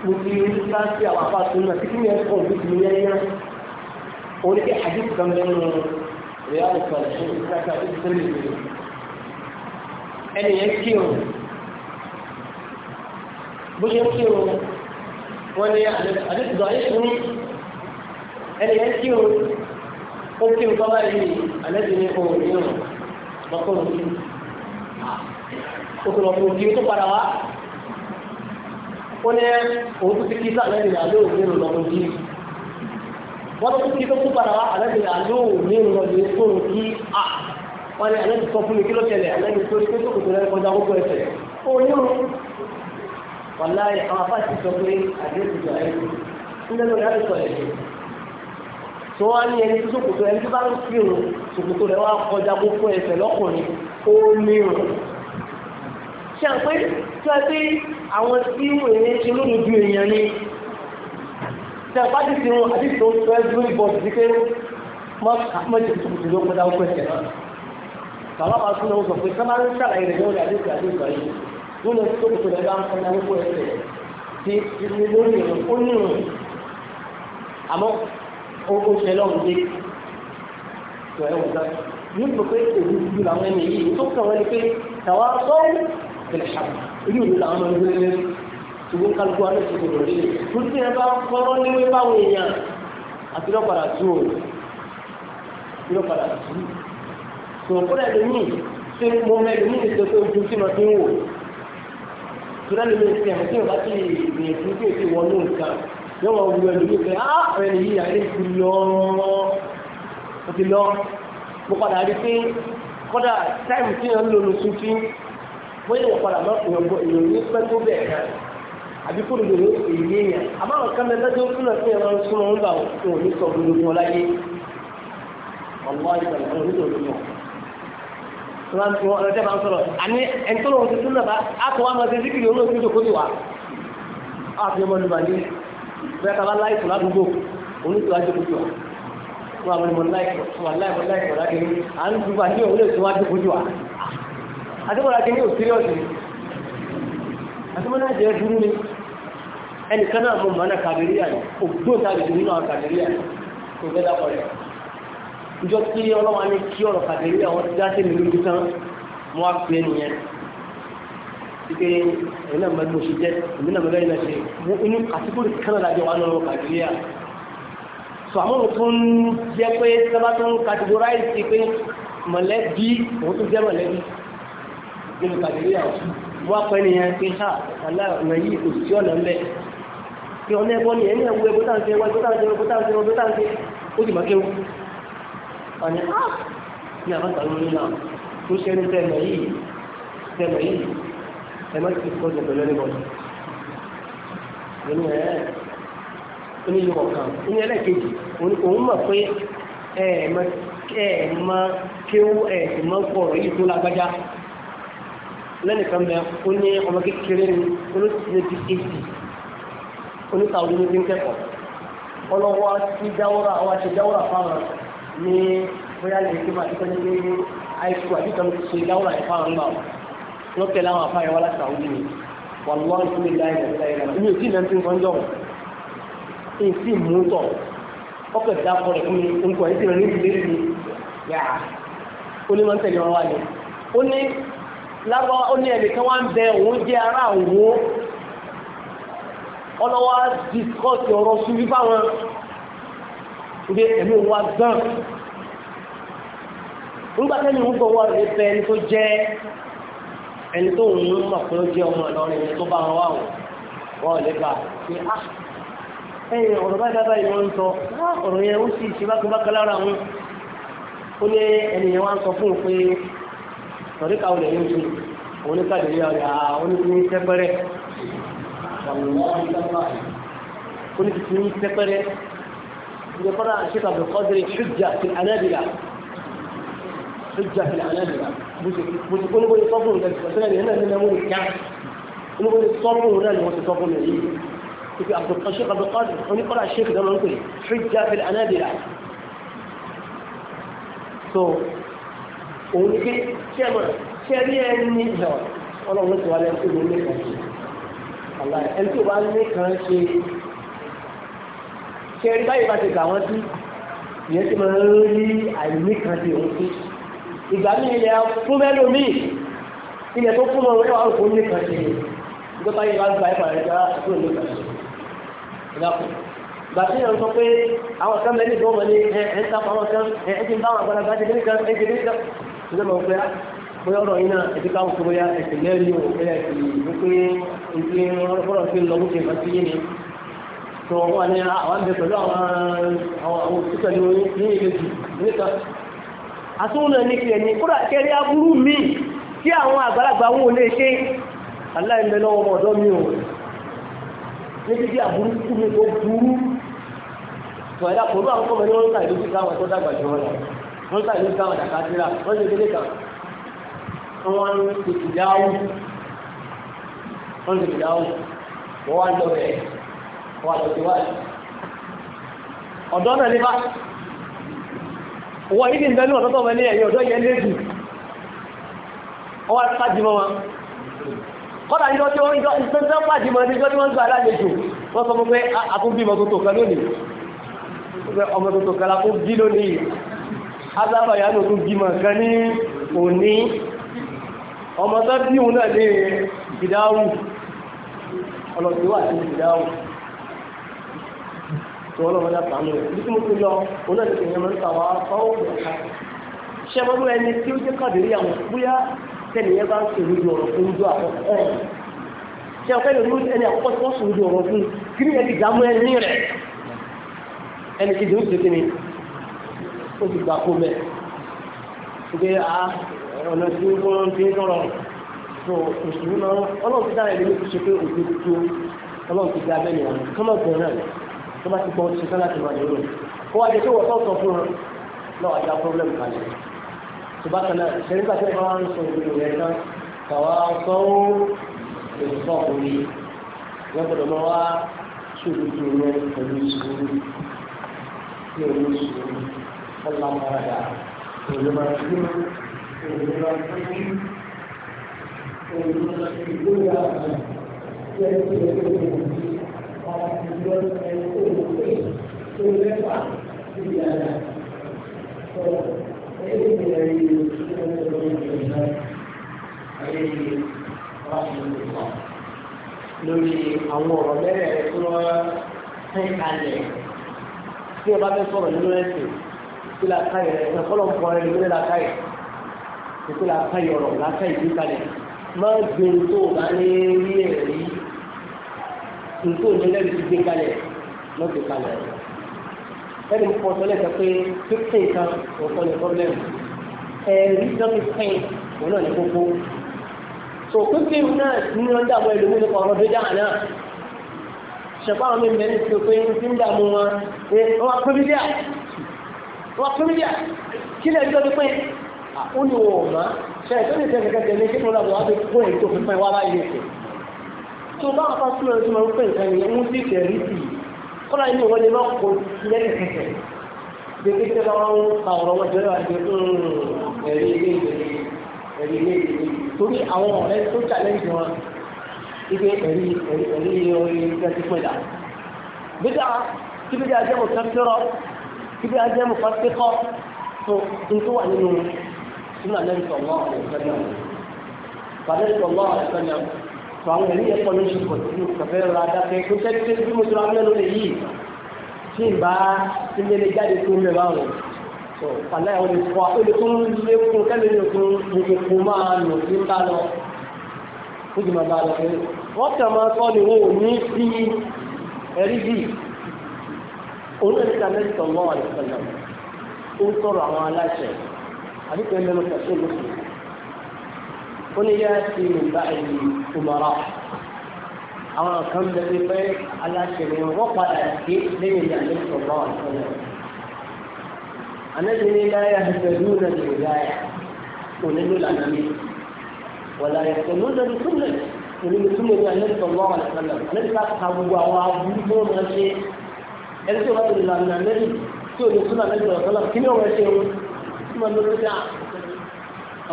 mo ti rí sáńsì àwọn afá tó náà títí yẹn kọ̀ ní ìlú yẹn yẹn. òun ní kí àdínkù kan lẹ́nu rẹ̀ á lè sọ̀rọ̀ fún ìfẹ́ bó ṣe ń kírun wọn ní àdéhùn ayé fún ẹni yẹn kírun ó kírun bọ́ báyìí àlejò ní ohun mìíràn lọ́kọ́ òun kí òkè lọ́kọ́ òkè tó padà wá ó ní òun tó ti kí sáà lẹ́yìn àlẹ́ òun mìíràn lọ́kọ́ òkè wọ́n tó kí tó kú padà wá àlẹ́bí àlóò ní ìrọ̀lẹ́ fóònù kí a wọ́n ní àlẹ́bí sọ fún mi kí ló tẹ̀lé àlẹ́bí tó ní pé tó kò tó lẹ́nu kọjá gbogbo ẹ̀sẹ̀ ó ní òun wàlá àwọn afáàtì sọ pé àdéhùn ìjọ ẹ̀ ń lẹ́nu ìyá ìsọ̀ ẹ̀ tó wá ní ẹni tó sòkòtò ẹni tó bá ń fi òun sòkòtò rẹ̀ wá kọjá gbogbo ẹsẹ̀ lọ́kùnrin ó ní òun. ṣé à ń pé tí wọ́n pé àwọn tí èèyàn ṣe lóde ju èèyàn ni ṣé àpá ti ti wọn àti tó fẹ́ lórí bọ́ọ̀dù sí pé mọ́tò sòkòtò ló kọjá gbogbo ẹsẹ̀ náà. bàbá bá tún lọ́wọ́ sọ pé sábà ń ṣàlàyé rẹ̀ lórí yóò lọ sí kòtò rẹ̀ bá ń fún ẹni kó ẹsẹ̀ ti ti ti lórí ẹ̀rọ ó ní ìrùn àmọ́ ó ó ṣe lọ́run dé tó ẹ̀ wọ́n gbà ní ìpò pé èyí ti dùn àwọn ẹni yìí tó kàn wọ́n ni pé tàwa sọ́ọ́ ìpìlẹ̀ ṣàkó èyí ò ní làwọn ọmọ ẹgbẹ́ lẹ́nu ṣùgbọ́n kálukú alẹ́ ti gbọdọ̀ rí tó ti ẹ bá fọ́rọ́ níwé báwọn èèyàn àti lọ́padà tú o àti lọ́padà tú o. sọ̀rọ̀ mo mẹ́rin ní ìṣẹ́ tó ojú sí lọ sí ń wò sọ́dọ̀ lè fi ẹ̀mọ́ tí o bá ti rìn fún tí o ti wọnú nǹkan yóò wọ wu ẹlòmíì pé á ẹni yìí ayé ti lọ ó ti lọ mo padà rí pé kọ́dà táìmù tí wọ́n ń lò lóṣù tí bóyá wọ́n padà lọ ìròyìn ní pẹ́ tó bẹ̀ ẹ̀ àbí kó lòdò èyí èèyàn àmọ́ àwọn kan mẹ́ta tó kúnlẹ̀ sí ẹ̀rọ súnmọ́ ń bà wọ́n ní sọ̀rọ̀ lójúmọ́ láyé ọ̀gbọ́n ọ̀rẹ́dẹ́ bá ń sọ̀rọ̀ àní ẹni tó lọ́wọ́ tuntun náà bá àtọ̀ wá máa ṣe síkìrì olóòtú ìjòkó ti wà á fi ọmọ lùmà ní bẹ́ẹ̀ ká bá láìpù ládùúgbò oníṣòwò àjòkó ti wà fún àwọn ọmọ láìpù fún wa láìpù láìpù lákìní à ń dùgbà ní òun lè tún wá jókòó ti wà àdébọ̀lá kìíní ò síríọ̀sì àdébọ̀lá jẹ́ dúró ni ẹnìkan ìjọ tí ọlọ́wà ní kí ọ̀rọ̀ kàdérí àwọn ti dáṣẹ́ mi lójú tán mo wá pè é nìyẹn pípé èmi náà mẹ́lú oṣù jẹ́ èmi náà mẹ́lú ẹ̀yìn náà ṣe inú kàtíkùrì kan náà lájọ wà lọ́rọ̀ kàdérí à sọ àwọn ohun tó ń jẹ́ pé sábà tó ń kàtíkùráìsì pé mọ̀lẹ́bí òun tó jẹ́ mọ̀lẹ́bí nínú kàdérí à mo wá pè é nìyẹn pé ha aláàrùn yìí kò sí ọ̀nà ńlẹ̀ pé ọ̀nà ẹ̀kọ́ nìyẹn ní ẹ̀wù ẹ̀kọ́ táǹkẹ́ ẹ̀kọ́ táǹkẹ́ ẹ̀kọ́ táǹkẹ́ ẹ̀kọ́ táǹkẹ́ ó wọn ni ah ní àbáta lórí náà tó ṣe ní tẹ́lẹ̀ yìí tẹ́lẹ̀ yìí ẹ má ti kọ́ ṣe pẹ̀lú ẹnìbọ̀dì nínú ẹ̀ ní ìlú ọ̀kan ní ẹlẹ́ẹ̀kejì òun mọ̀ pé ẹ ẹ mọ kéwú ẹ sì mọ pọ̀rọ̀ yìí tó lágbájá lẹ́nìkan bẹ ó ní ọmọ kékeré ni olóṣèlú ti kéjì oníkàwé ló ti ń kẹ́kọ̀ọ́ ọlọ́wọ́ ti dáwọ́ra àwọn àti dáwọ́ra fáwọn ní bóyá lè fi máa tẹ́tẹ́ ní àìsù àti kan ṣe dáwọn àìfà ń bá wọn tẹ̀lé àwọn afá yẹn wá láti àwọn ìlú wà lọ́wọ́ ìfún mi láì lọ́wọ́ láì lọ́wọ́ mi ò tí ì lẹ́nu tó ń jọ wọn èsì mú tọ̀ ọkọ̀ ìdá kọ́ rẹ̀ fún mi nǹkan èsì rẹ̀ ní ìdílé mi yà ó ní máa ń tẹ̀lé wọn wá ni ó ní lábọ́ ó ní ẹnìkan wá ń bẹ òun jẹ́ ara òun ọlọ́wọ́ discourse ọ̀rọ̀ sùn fífáwọn ìgbé ẹ̀mí wa gan nígbàtẹ́ni ń gbọ́wọ́ rẹ̀ bẹ ẹni tó jẹ́ ẹni tó ń mọ̀ pé ó jẹ́ ọmọ Ìlọrin ẹni tó bá wọn wà wọ́n wọ́n lè bá pé á ah, ẹ̀yìn ọ̀rọ̀ bá dábàá yìí wọ́n ń sọ ah, ọ̀rọ̀ yẹn ó sì ṣe bákúbákú lára wọn ó ní ẹnìyẹn wá ń sọ fún un pé sọ̀ríkà olè yóò ṣe òun ní káàdì yóò rẹ̀ àwọn oníkùnrin ń يقرأ الشيخ عبد القادر حجة في الأنابلة حجة في الأنابلة بتقول يقول يصبر مثلا هنا من نمون الكعب يقول يصبر هنا اللي هو تصبر من في عبد الشيخ عبد القادر ونقرأ الشيخ ده ممكن حجة في الأنابلة so òun ké sẹ́mọ̀ sẹ́rí ẹni ìjọ ọlọ́run tó wà lẹ́nu tó ní ẹ̀ka ṣe ẹni tó bá kẹrin báyìí bá ti gbà wọ́n sí ìyẹn ti máa ń rí àìní kan ti òun sí ìgbà mí ilẹ̀ fún mẹ́lò mí ilẹ̀ tó fún ọmọ ẹwà òkú ní kan ti ìgbà báyìí bá gba ẹ̀fà rẹ̀ gbára tó ní kan ti ìgbàkùn ìgbà tí yẹn sọ pé àwọn kan mẹ́lì tó wọlé ẹ̀ ẹ̀ ń ta àwọn kan ẹ̀ ẹ̀ ti ń bá àwọn àgbàlagbà ti dé kan ẹ̀ ti dé kan ìjọba òfin bóyá ọ̀rọ̀ yìí náà ẹ̀dí káwọn tó bóyá ẹ̀sìn lẹ́rìí òfin ẹ̀sìn wípé ìpín ọ̀rọ̀ fi lọ wípé nǹkan ti yé ni tó wọ́n ní àwọn ah, ń bẹ pẹ̀lú àwọn òṣìṣẹ́lú ní ìlejì níta àtúnlọ ní kí ẹni kúrò àkẹ́rí aburú mi tí àwọn àgbàlagbà wọn ò lè ṣe aláìmẹ́lọ́ ọmọ ọ̀dọ́ mi ò níbi tí aburú kú mi tó burú tó ẹ̀dá pẹ̀lú àwọn kọ́mọ ní wọ́n ń ta ìlú kíkà àwọn tó dàgbà jù wọn wọ́n ń ta ìlú kíkà àwọn dàkà síra wọ́n ṣe délé kan wà lọ́sí wáyé ọ̀dọ́ náà ní bá wọ́n yìí ń bẹ́lú ọ̀dọ́ tó wọ́n ní ẹ̀yìn ọ̀dọ́ yẹn lé jù ọwọ́ pàjìmọ̀ wọn kọ́dà ní ọjọ́ ìjọ ìpínlẹ̀ pàjìmọ̀ ní ìjọ tí wọ́n gbà lálejò wọ́n sọ pé àkúnbímọ̀ tó tó kan lónìí ọmọ tó tó kan la kún bí lónìí azábàyà ló tún bímọ kan ní òní ọmọ tó bí òun náà ní ìdáhùn ọlọ́dún wà ìdáhùn tí wọ́n lọ́wọ́ yà sànú rẹ̀ bí tí mo ti lọ òun náà ti fi yẹn máa ń ta wá fáwọn òun ká ṣé ọmọdé ẹni tí ó jẹ́ káàdì rí àwọn bóyá tẹ́nìyẹn bá ń sòrò ju ọ̀rọ̀ fún ojú àkọ́kọ́ ṣé ọ̀kẹ́ ló ní ẹni àkọ́kọ́ tí wọ́n sòrò ju ọ̀rọ̀ fún kí ni ẹni dààmú ẹni rẹ̀ ẹni kejì ó ti kí ni ó ti gbà kó mẹ́ ọ̀nà tí ó ti ń sọ̀rọ̀ tó bá ti gbọ́ ti sọ́lá ti máa lérò kó wá jẹ́ tó wọ́n sọ̀tọ̀ fún un náà àjà problem kan yẹn tó bá kan náà ṣe nígbà tí wọ́n ń sọ ìlú rẹ̀ náà kàwá sọ́wọ́ ìsọ̀ òní wọ́n gbọ́dọ̀ máa wá ṣòro tó rẹ̀ pẹ̀lú ìṣòro ní òní ìṣòro ọ̀la parada òní máa fi
òní máa fi òní máa fi ìgbóyà àti ẹgbẹ́ ìgbóyà ìjọba lórí àwọn ọ̀rọ̀ mẹ́rẹ̀ẹ̀rẹ̀
tí wọ́n fẹ́ kalẹ̀ tí wọ́n fẹ́ sọ̀rọ̀ nínú ẹ̀sìn kí la ẹ̀sìn fọlọ́ ń bọ̀ ẹni lórí la ká yẹ kí la kalẹ̀ má gbé tó bá ní rí ẹ̀rí nǹkó ìjọba ti gbé kalẹ̀ lọ́ gbé kalẹ̀ ẹni mo kọ́ sọ́lẹ̀ sọ pé fifteen kan ọ̀kan ní problem ẹ̀rí dọ́kì ten òun náà ní gbogbo so fifteen náà ní wọ́n dàbọ̀ ẹlòmíì nípa ọ̀rọ̀ tó dáhà náà ṣẹ̀pá àwọn mímẹ́ ní ti pé ti ń dààmú wọn pé wọ́n pín mídíà wọ́n pín mídíà kí lè rí dọ́kì pín ó ní wọ̀ ọ̀mà ṣe ìtọ́jú ìtẹ́kẹ̀kẹ́ tẹ̀lé kí wọ́n làbọ̀ wá fi kó èyí tó fi pín wá láyé ìsìn tó bá wọn fásitì tó máa ń pè nǹkan yẹn sí ìtẹ̀rí sí kọ́lá inú wọn lè má kó lẹ́sẹ̀kẹsẹ̀ gbèsè bá wọn ka ọ̀rọ̀ wọn jọlọ àti hmm, ẹ̀rí ilé ìwé ilé torí àwọn ọ̀rẹ́ tó challenge wọn ibi ẹ̀rí ẹ̀rí ẹ̀rí ilé ìwé ti pè dà. bíjà kíbi dí ajẹ́mu kẹ́kẹ́rọ́ kíbi ajẹ́mu fásitìkọ́ tó nítorí wà nínú sínú àlẹ́ ìtọ̀wọ́ àti ìfẹ́ sọ àwọn ẹ̀rí ẹ̀kọ́ ló ṣe pọ̀ sí mo kẹfẹ́ rọra dákẹ́ kó tẹ́ tẹ́ bí mo tura mẹ́nu lè yìí tí ì bá tí lè jáde tó ń bẹ̀ bá wọn sọ pàlẹ́ àwọn olùkọ́ olùkún lé kún kẹ́lẹ́ ní òkun gbogbo kún máa lò sí ń bá lọ ó jù máa bá lọ pé wọ́n kàn máa sọ ni wọn ò ní sí ẹ̀rí bì òun náà ní ká mẹ́tì sọ̀rọ̀ wọn àlẹ́ ó ń sọ̀rọ̀ àwọn aláṣẹ àdúgbò ẹ̀mẹ́nu kẹ̀kẹ́ ó ní yá sí mi báyìí tùmọ̀rọ̀ àwọn kan bẹ bí pé aláṣẹ ni wọ́n padà dé lẹ́yìn ní alẹ́ sọ̀rọ̀ àtọ́lẹ̀ anabi ni láyà ìgbẹ̀lú náà lè láyà òní ló lànà mi wọ́n láyà ìgbẹ̀lú náà lè túnlẹ̀ òní lè túnlẹ̀ ní alẹ́ sọ̀rọ̀ àtọ́lẹ̀ alẹ́ sọ̀rọ̀ àtọ́lẹ̀ gbogbo àwọn abúlé tó wọ́n ṣe ẹni tó bá ti lànà lẹ́yìn tí òní túnlẹ̀ alẹ́ sọ̀rọ̀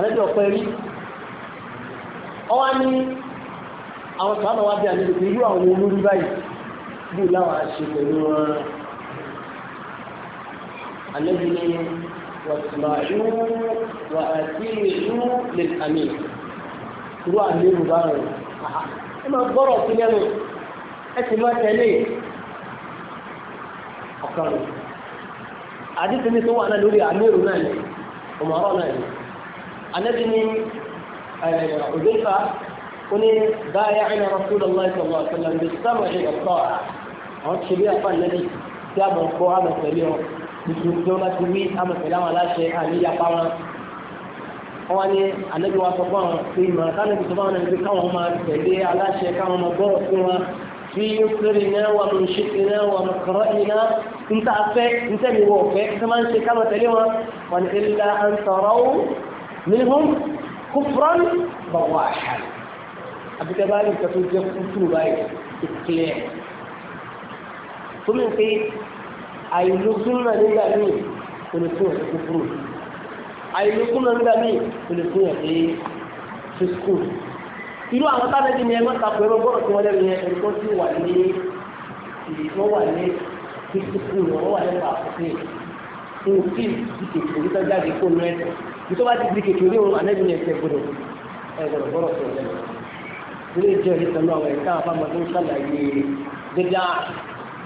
àtọ́lẹ̀ kí ọwá ní àwọn sàbà wá bí àlejò pé àwọn olórí báyìí bí láwọn àṣẹ pẹ̀lú wọn àlejò ní wàtìmáyú wà àti ìlú lè àmì irú حذيفة كوني بايعنا رسول الله صلى الله عليه وسلم بالسمع إلى الطاعة أنت شبيه أفعل الذي كتاب القوة أما سليه بسنسونا تبي أما سلام على شيء أهلي يقام أواني النبي واسطان في ما كان بسطان النبي كان هما سليه على شيء كان هما بوصوا في يسرنا ومنشئنا ومقرأنا انت أفك انت نبوك كمان شيء كما تليه إلا أن تروا منهم kúfúrán bá wà ṣá àbí tẹ bá rí nǹkan tó jẹ kúfúrú báyìí tó kílẹ̀ tó mú pé àìlókúnmọ̀ nígbà míì kò lè fún ẹ̀ kúfúrú àìlókúnmọ̀ nígbà míì kò lè fún ẹ̀ pé fisikú irú àwọn tábẹ́tì ni ẹgbẹ́ takò ẹgbẹ́ gbọ́dọ̀ tí wọ́n lẹ́nu yẹn ẹ̀kọ́ sí wà ní ìwọ́n wà ní fisikú wọ́n wà ní pàṣẹ kí n kí ìdíje kò ní sọ́jà dé kó nù ẹ̀sẹ̀ bí tó bá ti di kékeré òun àlẹ́ mi ẹ̀sẹ̀ gbọdọ̀ ẹ̀gbọ̀dọ̀ bọ́rọ̀ fún ọ̀lẹ́ ilé ìjọ ìrìnsẹ̀ náà rẹ̀ káwọn afá máa ń ṣàlàyé dídá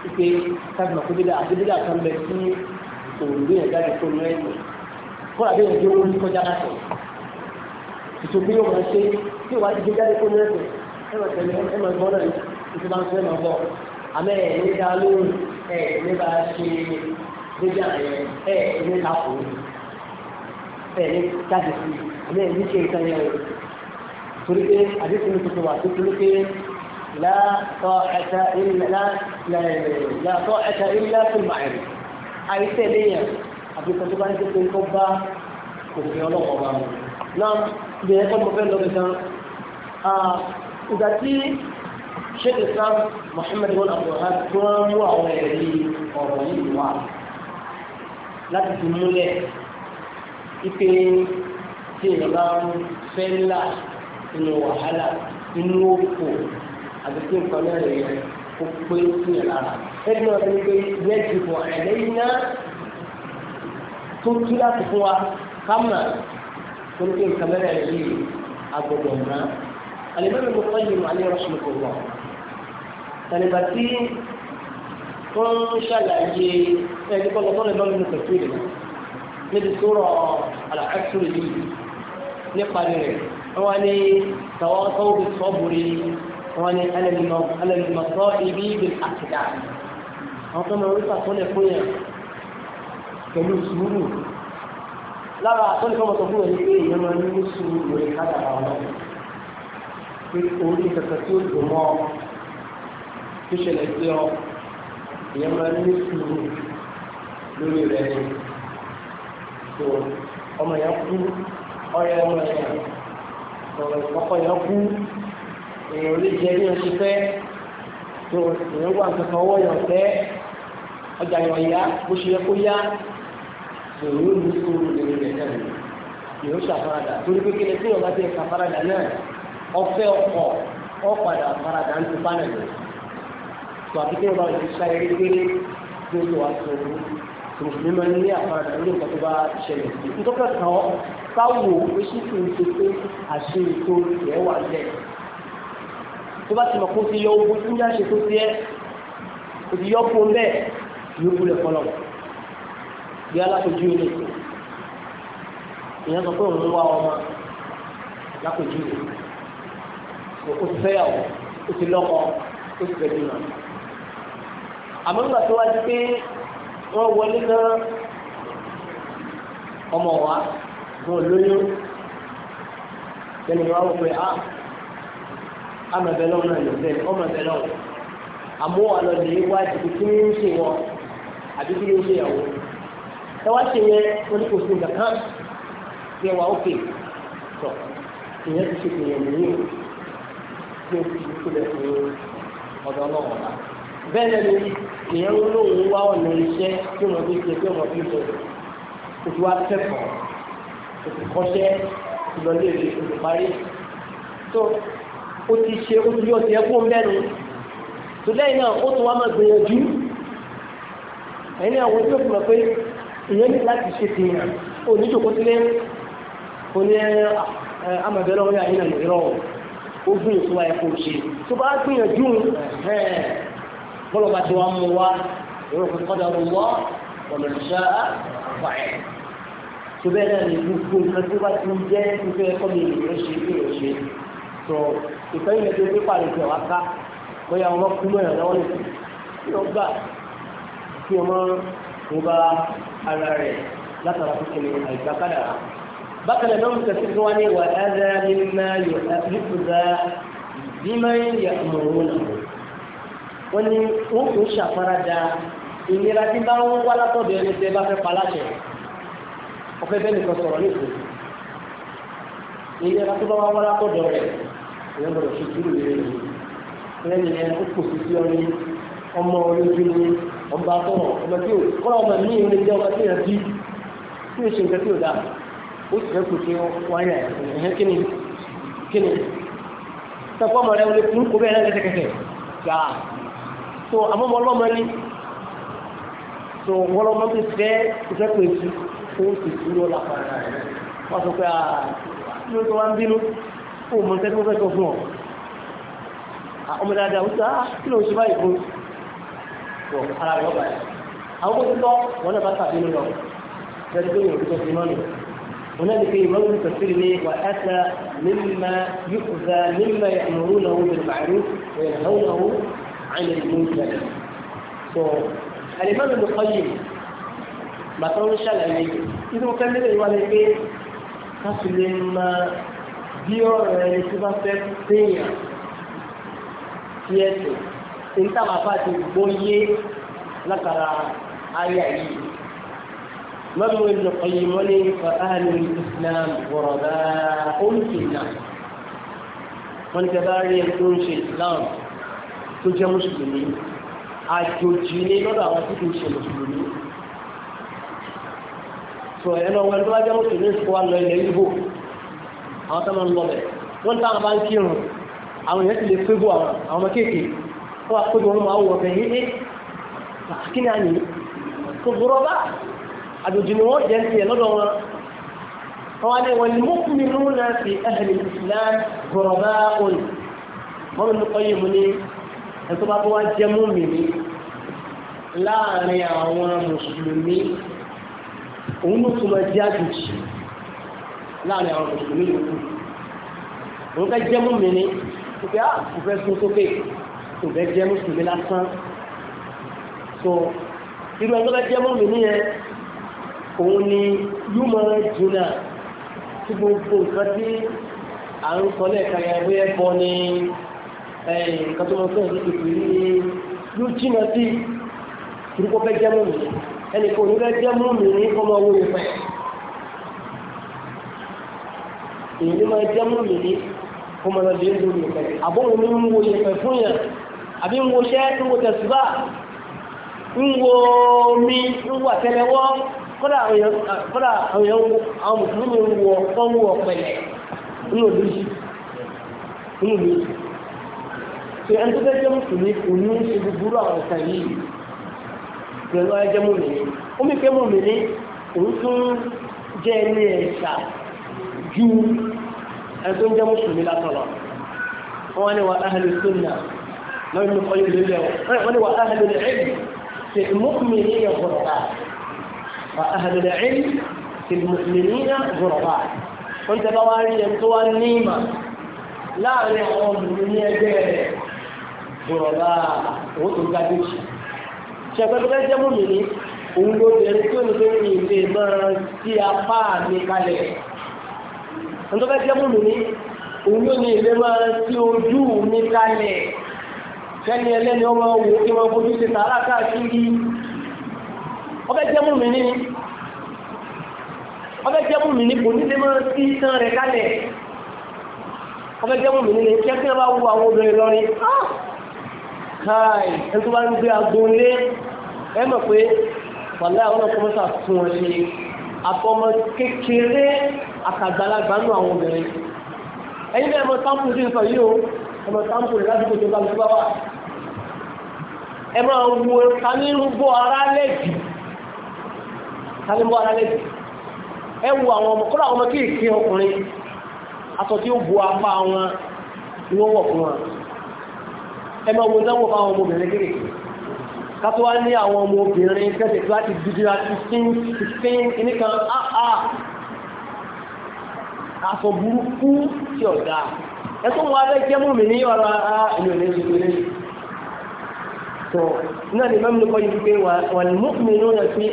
ike káàdì máa kó dídá àti dídá kan bẹ sí òòlù yẹn jáde tó lọ ẹ̀yìn kó àbí ẹ̀jẹ̀ owó ní kọjá láti ìṣòkè yóò máa ṣe tí ìwà ti gbé jáde tó lọ ẹ̀sẹ̀ ẹ̀ máa tẹ̀lé ẹ̀ máa gbọ́ náà ìṣèlú máa ń fẹ́ máa bọ̀ àmẹ́ ẹ̀ ní dá lóhùn ẹ̀ ní bá ṣe dídá ẹ̀ ẹ̀ ní ká fòó ẹ̀rí jáde sí ilé ìlú ṣe nǹkan yẹn torí pé àdéhùn tuntun wà tó torí pé láàtọ̀ ẹ̀ka ilé àtúmọ̀ ẹ̀rí àìsẹ̀lé yẹn àbíkan tó bá ní pípé tó bá òfin ọlọ́wọ́ bá mu náà bí ẹ̀kọ́ mo fẹ́ lọ bí kan ìgbà tí sheikh islam muhammed bin abdulhaj tó ń mú àwọn ẹ̀rí ọ̀rọ̀ yìí wá láti fi múlẹ̀ ipe tí èèyàn bá ń fẹ́ ńlá nínú wàhálà nínú òkò àti tí nǹkan náà rẹ̀ yẹn kó pé sí ẹ̀ lára. ẹni náà ti pé yẹ́jì bọ̀ ẹ̀lẹ́yìn náà tó tú láti fún wa kámà tó ní pé nǹkan mẹ́rẹ̀ rẹ̀ yìí agbọ̀dọ̀ mọ́. àlejò mi kọ́ yìí mà ọ̀ṣun kò wọ̀. tàlíbà tí wọ́n ń ṣàlàyé ẹni kọ́ lọ́kọ́ lọ́dọ́ nínú pẹ̀lú ìrìn níbi tó rọ̀ ọ́ àlàkàtúrò yìí nípa rẹ̀ wọ́n ní tọwọ́tọ́ bí sọ́bùrì wọ́n ní alẹ́lùmọ̀tọ́ ibi ibi àtìdá àwọn tó máa ń rípa tọ́lẹ̀ fún yẹn pẹ̀lú sùúrù lára àtọ́lẹ̀ tó mọ̀tọ́ fún yẹn ní pé èèyàn máa ń ní sùúrù lórí kádàrà ọ̀nà ọmọ yẹn kú ọyọ ọmọ yẹn ọ̀rọ̀ ìkọ́kọ́ yẹn kú èèyàn lè jẹ ní oṣù fẹ́ tó èèyàn wà nǹkan ọwọ́ yẹn fẹ́ ọjà yẹn ya bó ṣe yẹ kó yá èèyàn ló ní sùúrù lórí rẹ̀ náà èèyàn ṣàfaradà torí pé kí ni tí yọ̀ọ́ bá ti náà ọfẹ́ ọkọ̀ ọ̀padà faradà ń ti bá nàìjíríà tó àbíkẹ́ yọ̀ọ́ bá ti ṣá eré gbére tó tó wá mùsùlùmí máa ń ní àfàrà lórí nǹkan tó bá ṣẹlẹ̀ sí i nítorí kan káwò pé sí kì í ṣe pé àṣe ètò rẹ̀ wà lẹ̀ tó bá ti mọ̀ kó ti yọ owó tó ń já ṣe tó ti ẹ́ kò ti yọ kó bẹ́ẹ̀ yóò kú lẹ̀ fọlọ́ bí alákojú ilé ìyẹn sọ pé òun wá ọmọ lákojú ilé o ti fẹ́yàwó o ti lọ́kọ o ti fẹ́ dùnà àmọ́ nígbà tó wá di pé wọ́n wọlé náà ọmọ wa wọn lóyún lẹ́nu wa wọ́n pe ah, a amẹ̀bẹ̀lọ́wọ́ náà lè bẹ́ẹ̀ ọmọbẹ̀lọ́wọ́ àmọ́ wà lọ wá ìdìbò kí ní ń ṣe wọn àbí kí ní ń ṣe ìyàwó ẹ wá ṣe yẹ wọn ní kò sí nǹkan wà ókè ìyẹn ti ṣe nìyí tí ó bẹ́ẹ̀ ni ìyẹn ń lóun wá ọ̀nà iṣẹ́ tí wọ́n fi ṣe tí wọ́n fi ṣe oṣù wa kẹ́kọ̀ọ́ oṣù kọ́ṣẹ́ ìlọlé rẹ̀ oṣù parí tó o ti ṣe o ti yọ ọ̀sẹ̀ ẹ̀kọ́ mẹ́rin tó lẹ́yìn náà ó tún wá máa gbìyànjú ẹ̀yìn àwọn ojú òkú mọ̀ pé ìyẹn ní láti ṣe ti oníjòkó sílé oní amọ̀bẹ́lọ́wọ́ yà ní ah, eh, nàìjíríà ó gbìyànjú wa ẹ̀kọ́ ṣe tó bá gbìyànjú ẹ̀ẹ́ bọ́lọ̀ bá ti wá mú wa ìwé òfin kọ́dà ọ̀rọ̀ wọ́ ọ̀nà ìṣá àfààyè. tó bẹ́ẹ̀ náà ní gbogbo nǹkan tó bá ti ń jẹ́ nípa ẹ̀kọ́ mi ìrìn ṣe bí ìrìn ṣe tó ìfẹ́ yẹn tó pépà lè tẹ̀ wá ká bóyá wọn kú mọ́ ẹ̀rọ lọ́wọ́ lè fi lọ gbà kí ọmọ tó bá ara rẹ̀ látara tó kele àìgbàkadà. bákan náà ń tẹ̀sí wọ́n ní wọ́n kò ṣàfaradà ìnira tí bá ń wá látọ̀dọ̀ ẹni tẹ́ bá fẹ́ paláṣẹ ọ̀fẹ́ bẹ́ẹ̀ nìkan sọ̀rọ̀ ní ìfòyì ìnira tó bá wá látọ̀dọ̀ rẹ̀ ìyẹn gbọ́dọ̀ ṣe dúró rẹ̀ yìí lẹ́nu yẹn ó kò sí sí ọyìn ọmọ olójú ni ọba tọ̀rọ̀ ọmọ tí ò kọ́ra ọmọ mi ò lè jẹ́ ọmọ tí yẹn bí tí o ṣe nǹkan tí ò dáa ó sì fẹ́ kò ṣe wáyà ẹ̀hẹ́n kíni kíni so àmọ́mọ́ ọlọ́mọ ní so wọ́n lọ́mọ ti fẹ́ iṣẹ́ pé sí ó sì dúró wọ́n sọ pé ah, wá ń bínú ó fẹ́ sọ fún ọ ah, ọmọ dáadáa wípé ah kí ló ń ṣe báyìí fún ọ ara àwọn kó ti tọ́ wọn náà bá tó yẹ kó wọn náà ìmọ̀ ní wà á عن المنكر so الإمام ابن القيم bàtọ́ ń ṣàlàyé inú kẹ́lẹ́lẹ́ ìwà ni pé káfí lè máa bí ọ̀rọ̀ ẹni tí wọ́n fẹ́ séèyàn tí ẹ tó ń tàbá bá ti gbóyé lákàrà ayà yìí mọ́mú ìlú ọ̀yìnmọ́ ní fàáhàlì islam wọ̀rọ̀ bá ó ń kìnnà wọ́n ti bá rí ẹni tó ń ṣe islam tó jẹ́ mùsùlùmí àjòjì ní lọ́dọ̀ àwọn tí kì í ṣe mùsùlùmí sọ ẹ̀ lọ́wọ́ ẹni tó bá jẹ́ mùsùlùmí kó wá lọ ilẹ̀ Ìgbò àwọn tó máa ń lọ bẹ̀ wọ́n táwọn bá ń kírun àwọn èèyàn ti lè pébù àwọn kéèké wọ́n wá péjọ wọn máa ọ̀fẹ́ yé eh, kí ni a nìyí kò gbọ́rọ̀ bá àjòjì ni wọ́n jẹ́ ń tiẹ̀ lọ́dọ̀ wọn قال والمؤمنون في أهل الإسلام غرباء ومن القيم ẹ̀tọ́ bá tó wá jẹ́ mùmínì láàrin àwọn mùsùlùmí òun ló tún lọ jẹ́ àjòjì láàrin àwọn mùsùlùmí yòókù òun fẹ́ jẹ́ mùmínì tó fẹ́ kò ah, fẹ́ sún sókè kò fẹ́ jẹ́ mùsùlùmí lásán so irú ẹ̀tọ́ bá jẹ́ mùmínì yẹn òun ni yóò máa jùlọ tí gbogbo nǹkan tí à ń sọ lẹ́ẹ̀kan yẹn bóyá bọ́ ni nǹkan tó mọ fún ẹ̀sìn tuntun yìí yóò jìnnà sí ìdúpọ̀ fẹ́ jẹ́ mú mi ẹnì kan òní fẹ́ jẹ́ mú mi ní ọmọ owó ìfẹ́ èyí ni máa jẹ́ mú mi ní ọmọ ọlọ́dẹ ń lórí ìfẹ́ àbọ̀wò mi ń wo ìfẹ́ fún yẹn àbí ń wo iṣẹ́ ń wo tẹ̀síbà ń wo mi ń wo àtẹlẹwọ́ kódà àwọn mùsùlùmí ń wo ọ̀pọ̀ ń wo ọ̀pẹ̀lẹ̀ nínú ìlú yìí tó ẹni tó fẹ́ jẹ́ mùsùlùmí kò ní ṣe gbogbo àwọn ọ̀sán yìí pẹ̀lú ajẹ́ mùmìnì ó mi fẹ́ mùmìnì òun tún jẹ́ ẹni ẹ̀ṣà ju ẹni tó ń jẹ́ mùsùlùmí látọ̀lọ̀ wọ́n ní wa ahlu sunna lọ́wọ́ inú kọ́ yìí lélẹ̀ wọ́n ní wa ahlu al-ilm fi mùmìnì yẹ gbọ̀rọ̀ta wa ahlu al-ilm fi mùmìnì yẹ gbọ̀rọ̀ta wọ́n tẹ́ bá wá rí ẹni tó wá ní ìmà láàrin àwọn mùmìnì ẹgbẹ́ rẹ̀ bùrọ̀lá owó tó ga méjì ṣẹ̀gbẹ́gbẹ́ jẹ́ múmi ni òun ló bẹ̀rẹ̀ tí ó ní lórí ilé náà sí apá mi kalẹ̀ ọ̀dọ́gbẹ́ jẹ́ múmi ni òun ló ní ilé máa sí ojú mi kalẹ̀ kẹ́ni ẹlẹ́ni ọmọ wò kí wọ́n fojú ti tààrà káàkiri ọbẹ̀ jẹ́ múmi ni ọbẹ̀ jẹ́ múmi ni kò ní lè máa sí itan rẹ̀ kalẹ̀ ọbẹ̀ jẹ́ múmi ni kẹ́kẹ́ bá wo àwọn káì ẹni tó bá ń gbé agbóńlé ẹ mọ̀ pé wàlẹ́ àwọn ọkọ̀ mọ́tà fún ọ ṣe àfọmọ kékeré àtàgbàlagbà nù àwọn obìnrin ẹ̀yin náà ẹmọ táǹpù sí nǹkan yìí o ẹmọ táǹpù rẹ̀ láti kòtò ìbámu síbá wà ẹ máa wo kanírúgbó ara lẹ́jì kanírúgbó ara lẹ́jì ẹ wo àwọn ọmọ kọ́lá ọmọ kéèké ọkùnrin aṣọ ó bu apá wọn ni wọ́n wọ̀ fún wọn ẹ máa wo dánwò fáwọn ọmọbìnrin kéré kátó wá ní àwọn ọmọbìnrin tẹ́sẹ̀ tó láti dídí láti sín sín nìkan áhà aṣọ burúkú tí ọ̀dà ẹ tó wọn abẹ́ jẹ́ mọ́mí ní ọ̀rọ̀ ìlú ìlú ìlú ìlú tó náà ni mẹ́mú kọ́ yìí ní mọ́mí ní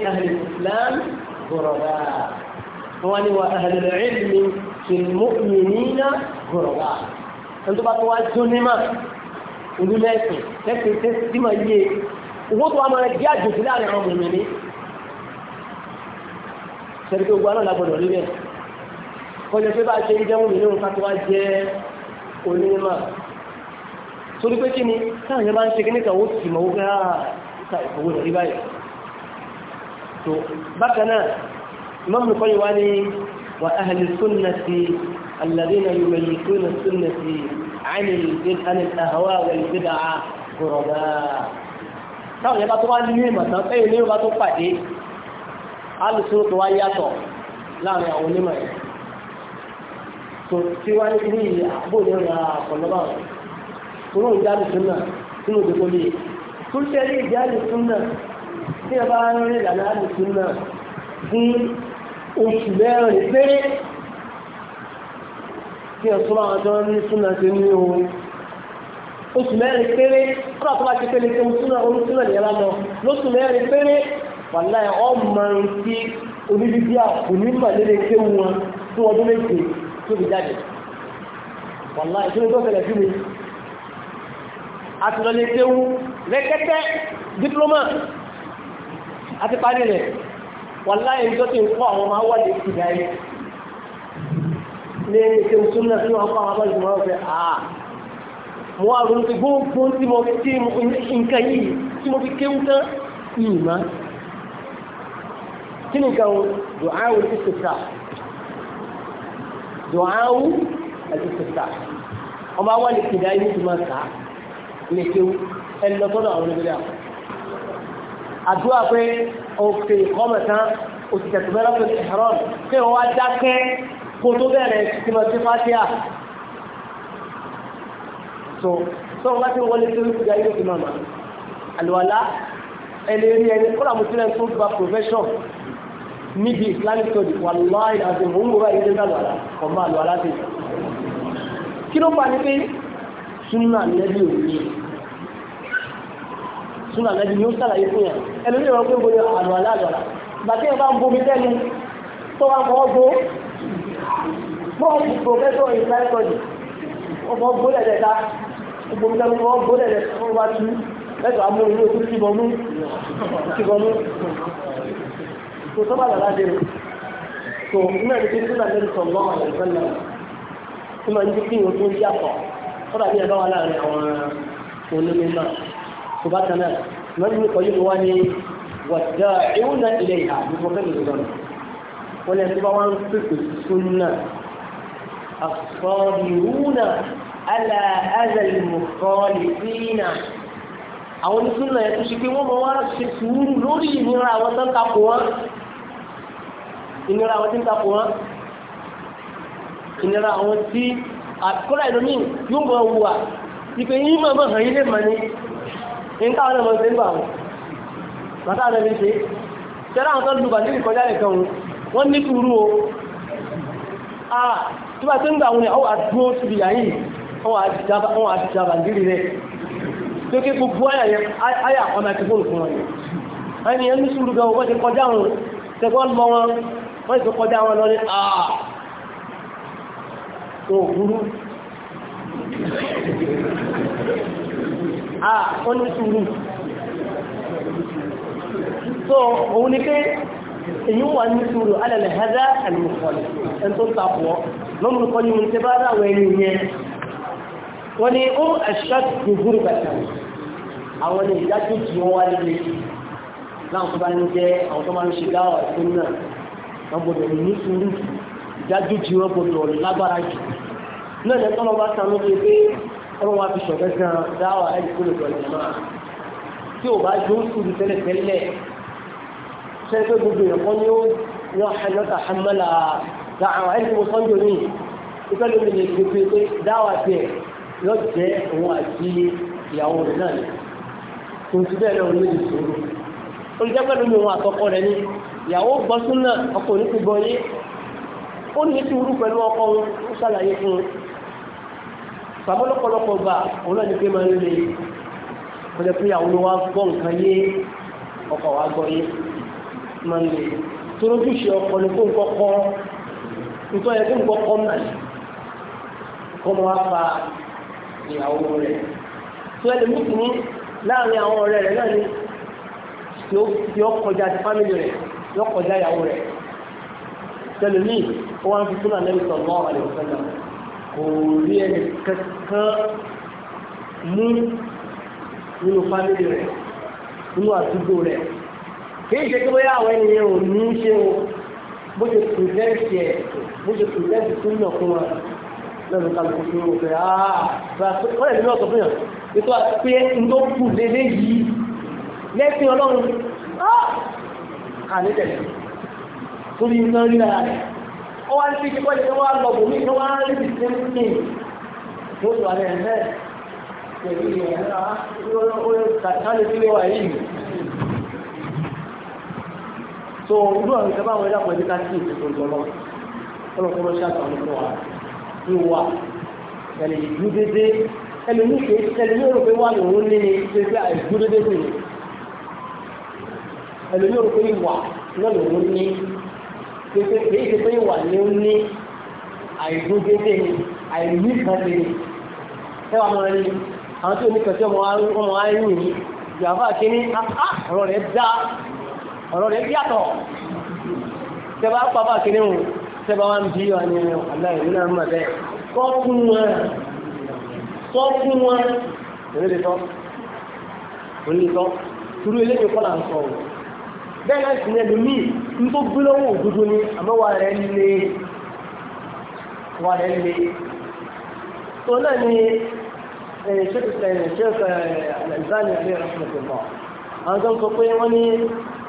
tó wá jó máa ìlú lẹ́sìn lẹ́sìn tẹ́ sí máa yé owó tó wà máa di àjòjì láàrin àwọn ọmọ mi sẹ́ni pé gbogbo aláàlá gbọ́dọ̀ lórí ẹ̀ kọjá pé bá a ṣe ń jẹun nínú kátó wá jẹ́ onímọ̀ torí pé kí ni táwọn yẹn bá ń ṣe kí ní kàwó tì mọ́ wọ́n gáà ah, ká ìfowó lórí báyìí tó bákan náà mọ́mù kọ́ yìí wá ní wà áhàlì sunnati alladhina yumayyituna sunnati عن عن الأهواء والبدع غرباء táwọn yẹn bá tó wá ní ìmọ̀ tán tẹ́yìn ní ìwà tó pàdé alùsùn tó wá yàtọ̀ láàrin àwọn onímọ̀ yẹn tó tí wá ní ní àbò ní ọ̀nà àpọ̀lọ́bà rẹ̀ tó náà náà kí ẹ súnmọ́ àwọn tó ní súnà ṣe ní o oṣù mẹ́rin péré kọ́nà tó bá ṣe péré tó ń súnà orí súnà nìyẹn lọ lóṣù mẹ́rin péré wàlá ẹ̀ ọmọ ẹ̀rù tí oníbíbí àpò nípa lédè kéwu wọn tó ọdún méje tó fi jáde wàlá ìṣúná tó tẹ̀lé sí mi àtìlọ́lẹ̀ kéwu lẹ́kẹ́tẹ́ dípúlọ́mà àti parí rẹ̀ wàlá ìjọ́ ti ń kọ́ àwọn ọmọ awọ́de ìgbà yẹn ní ètò ìsúná tí wọ́n pa àwọn ìgbìmọ̀ ọ̀fẹ́ àá mo wá ronú pé gbogbo tí mo fi tí nǹkan yìí tí mo fi kéwú tán yìí má kí ni nǹkan dùnáwó ìsìkà dùnáwó ìsìkà ọmọ àwọn lè kéde ayé tó máa kà lè kéwú ẹni lọ sọ́dọ̀ àwọn olóbìnrin àdúrà pé òkè ìkọ́mọ̀ tán òtítẹ̀tùmẹ́lọ́pẹ̀ ìṣẹ̀rọ̀ pé wọ́n wá dákẹ́ kó tó bẹ̀rẹ̀ tí mo ti fàtíà so tó wọ́n ti wọlé tó rúkú jáde lókè mọ́mọ́ àlùwàlá ẹni rí ẹni kóra mo tilẹ̀ tó gba profession níbi islamic study wà láì àti mò ń wò báyìí lé lálùwàlá ọmọ àlùwàlá ti kí ló fà ní pé súnà lẹ́bí òní súnà lẹ́bí ni ó sàlàyé fún yà ẹni rí ẹ̀rọ pé gbogbo àlùwàlá àlùwàlá bàtí ẹ̀ bá ń bomi tẹ́nu tó wà mọ́ gbó fọ́ọ̀mù pòfẹ́sọ̀ ìfẹ́sọ̀dì ọmọ gbólẹ̀dẹ̀ta gbogbo ọmọ gbólẹ̀dẹ̀ fún wa tú lẹ́tọ̀ amóhùn ojú síbọnú síbọnú tó tọ́ba lọ́la dé tó nínú ẹni tí súnà lẹ́nu sọ lọ́wọ́ àlẹ́sẹ́lẹ̀ tó máa ń jí kí ìwọ̀n tó ń yàtọ̀ tọ́ba bí ẹ̀dá wà láàrin àwọn onímọ̀ tó bá tẹ̀lé ìwọ́n ní kọjú ni wọ́n ní wàdà ìwúna ilẹ̀ ìhà ní mo fẹ́ lè lọ́nà wọ́n lẹ́nu tó bá wá ń pèsè súnà àsọ̀rìrúnà alẹ́ ẹ̀rẹ̀ mùsọ̀lìfínà àwọn onísúnà ẹ̀ tó ṣe pé wọ́n mọ̀ wá ṣe sùúrù lórí ìnira àwọn tó ń takò wọn ìnira àwọn tí ń takò wọn ìnira àwọn tí àkọ́lá ìlúmí yóò mọ̀ wùwà ìpè yí mọ̀ mọ̀ hàn ilé mọ̀ ní nǹkan àwọn ọmọ ìṣẹ́ wọn bàtà àwọn ẹbí ṣe tẹ́lá àwọn tó lù bà nílùú nìkan wọn ní sùúrù o tí wọ́n ti ń gbà wọn ni àwọn àdúró ti di yàyìn àwọn àdìjàbà nílì rẹ̀ tó ké gbogbo àyà yẹn àyà ọmọ ẹ̀kọ́ òfin wọn ẹni ẹni sùúrù gan wọ́n ti kọjá wọn tẹ̀gbọ́n lọ wọn wọ́n ti kọjá wọn lọ ní àà tó burú àà wọ́n ní sùúrù tó òun ni pé èyí wà ní sùúrù alẹ́lẹ́ hẹ́dá àlùmọ̀kọ́lẹ̀ ẹni tó tapọ̀ lọ́mọ kan ní oúnjẹ bá ráwọ̀ ẹni yẹn wọ́n ní ó ẹ̀ṣọ́ gbogbo bàtà àwọn ní ìdájọ́ tí wọ́n wá nílé láwọn tó bá ń jẹ́ àwọn tó máa ń ṣe dáwà tó náà wọ́n gbọ́dọ̀ ní sùúrù ìdájọ́ tí wọ́n gbọ́dọ̀ lágbára jù náà lẹ́tọ́ lọ́ba sanú pé pé ọlọ́wọ́ fi ṣọ̀fẹ́ gan dáwà ẹ̀ sẹ́gbẹ́ gbogbo ẹ̀kọ́ ni ó ní ọ̀hánátà hamala dáhùn ẹni mo sọ́njọ́ ní ìfẹ́ lómi lè gbé pé dáwà tiẹ̀ yóò jẹ́ òun àti ìyàwó rẹ̀ náà ni kò sí bẹ́ẹ̀ náà lóde ìṣòro olùjẹ́pẹ́ lómi òun àtọkọ rẹ̀ ni ìyàwó gbọ́ súnà ọkọ ní ti gbọ́ yé ó ní ti wúrú pẹ̀lú ọkọ wọn ó ṣàlàyé fún un bàbá gbà òun náà ní pé máa ń le kọjá pé àwọn wa gbọ́ nǹkan yé ọkọ wa gbọ́ yé máa ń lè torójúṣe ọkọ ni kó nǹkan kọ́ nǹkan yẹ kó nǹkan kọ́ náà kọ́ máa fa ìyàwó rẹ̀ tó ẹlẹ́mìí kìíní láàrin àwọn ọ̀rẹ́ rẹ̀ náà ni tí ó kọjá ti fámìlì rẹ̀ yóò kọjá ìyàwó rẹ̀ tẹlẹmí ó wá ń fi túnà lẹ́yìn sọ̀rọ̀ mọ́ àlẹ́ òfẹ́lá kò rí ẹni kankan mú nínú fámìlì rẹ̀ nínú àdúgbò rẹ̀ kìí ṣe kí bóyá àwọn ènìyàn ò ní í ṣe o bó ṣe pìrìsẹ́ǹtì ẹ̀ bó ṣe pìrìsẹ́ǹtì fún yàn fún wa lẹ́nu kálukú fún òkè áá ó lè nínú ọ̀sọ̀ fún yàn ètò àpé ńlọ kù lélẹ́ yìí lẹ́sìn ọlọ́run á ah, ní tẹ̀lé torí iná rí ara rẹ̀ ó wá sí ibi pẹ́lú tó wá lọ bòmí tó wá rí ibi tó ń pín tó tó àlẹ́ ẹ̀fẹ́ pẹ̀lú ìyẹn náà ah, ó yẹ kàtàlẹ́ sílé wa yìí so irú àwọn ìjọba àwọn ẹ̀dá pẹ̀lú káàkiri ìṣètò ìjọba ọlọ́kọ́lọ́ ṣàtàwọn fún wa ní wa ẹni ìlú dédé ẹni ní ṣe ẹni ní òrò pé wà lòun ní ní ṣe pé àìsú dédé sí ẹni ní òrò pé ìwà náà lòun ní ṣe pé kì í ṣe pé ìwà ni ó ní àìsú dédé ni àìní kan ṣe ni ẹ wà mọ ẹni àwọn tí oníkan tí ọmọ wa ń rìn yàrá kí ni ọ̀rọ̀ rẹ̀ dáa ọ̀rọ̀ rẹ̀ yàtọ̀ tẹ́bà pàpà kìíní wọn tẹ́bà wọn bí wọn ni aláìní náà mọ̀ bẹ́ẹ̀ sọ fún wọn sọ fún wọn èmi lè sọ òun lè sọ turu eléyìí kọ́là ń sọ o bẹ́ẹ̀ náà sì ní ẹlòmí n tó gbé lọ́wọ́ òdodo ni àmọ́ wà rẹ̀ lé wà rẹ̀ lé tó náà ni ṣé ṣe ṣe ṣe ṣe ṣe ṣe ṣe ṣe ṣe ṣe ṣe ṣe ṣe ṣe ṣe ṣe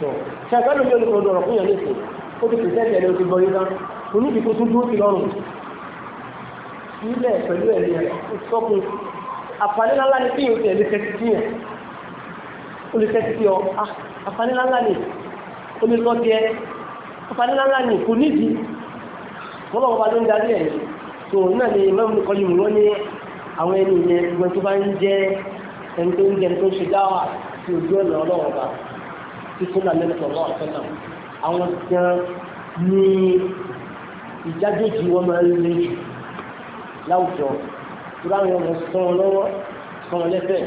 tó ṣàkálù mi olùkọ́ ọ̀dọ̀rọ̀ fún yàn lẹ́sìn ó ti pèsè ẹ̀jẹ̀ ló ti gbọ́ yíká oníbi tó tún dúró sí lọ́rùn sílẹ̀ pẹ̀lú ẹ̀rí sọ́kun àǹfààní ńláńlá ni kíyìn ti ẹ̀lẹ́sẹ̀ ti ti yàn olùsẹ̀ ni olùsọ ti ẹ àǹfààní ni kò níbi wọ́n bá ló ń darí ẹ̀ tó náà ni mẹ́rin kọ́ yìí wọ́n ní àwọn ẹni ìyẹn gbọ́n tó bá ń tí kó lànà ẹ̀sọ̀ lọ́wọ́ àtọ́nà àwọn gan ní ìjádéjì wọn máa ń lé jù láwùjọ ìrọ̀ àwọn ọmọ sọ̀rọ̀ lọ́wọ́ sọ̀rọ̀ lẹ́sẹ̀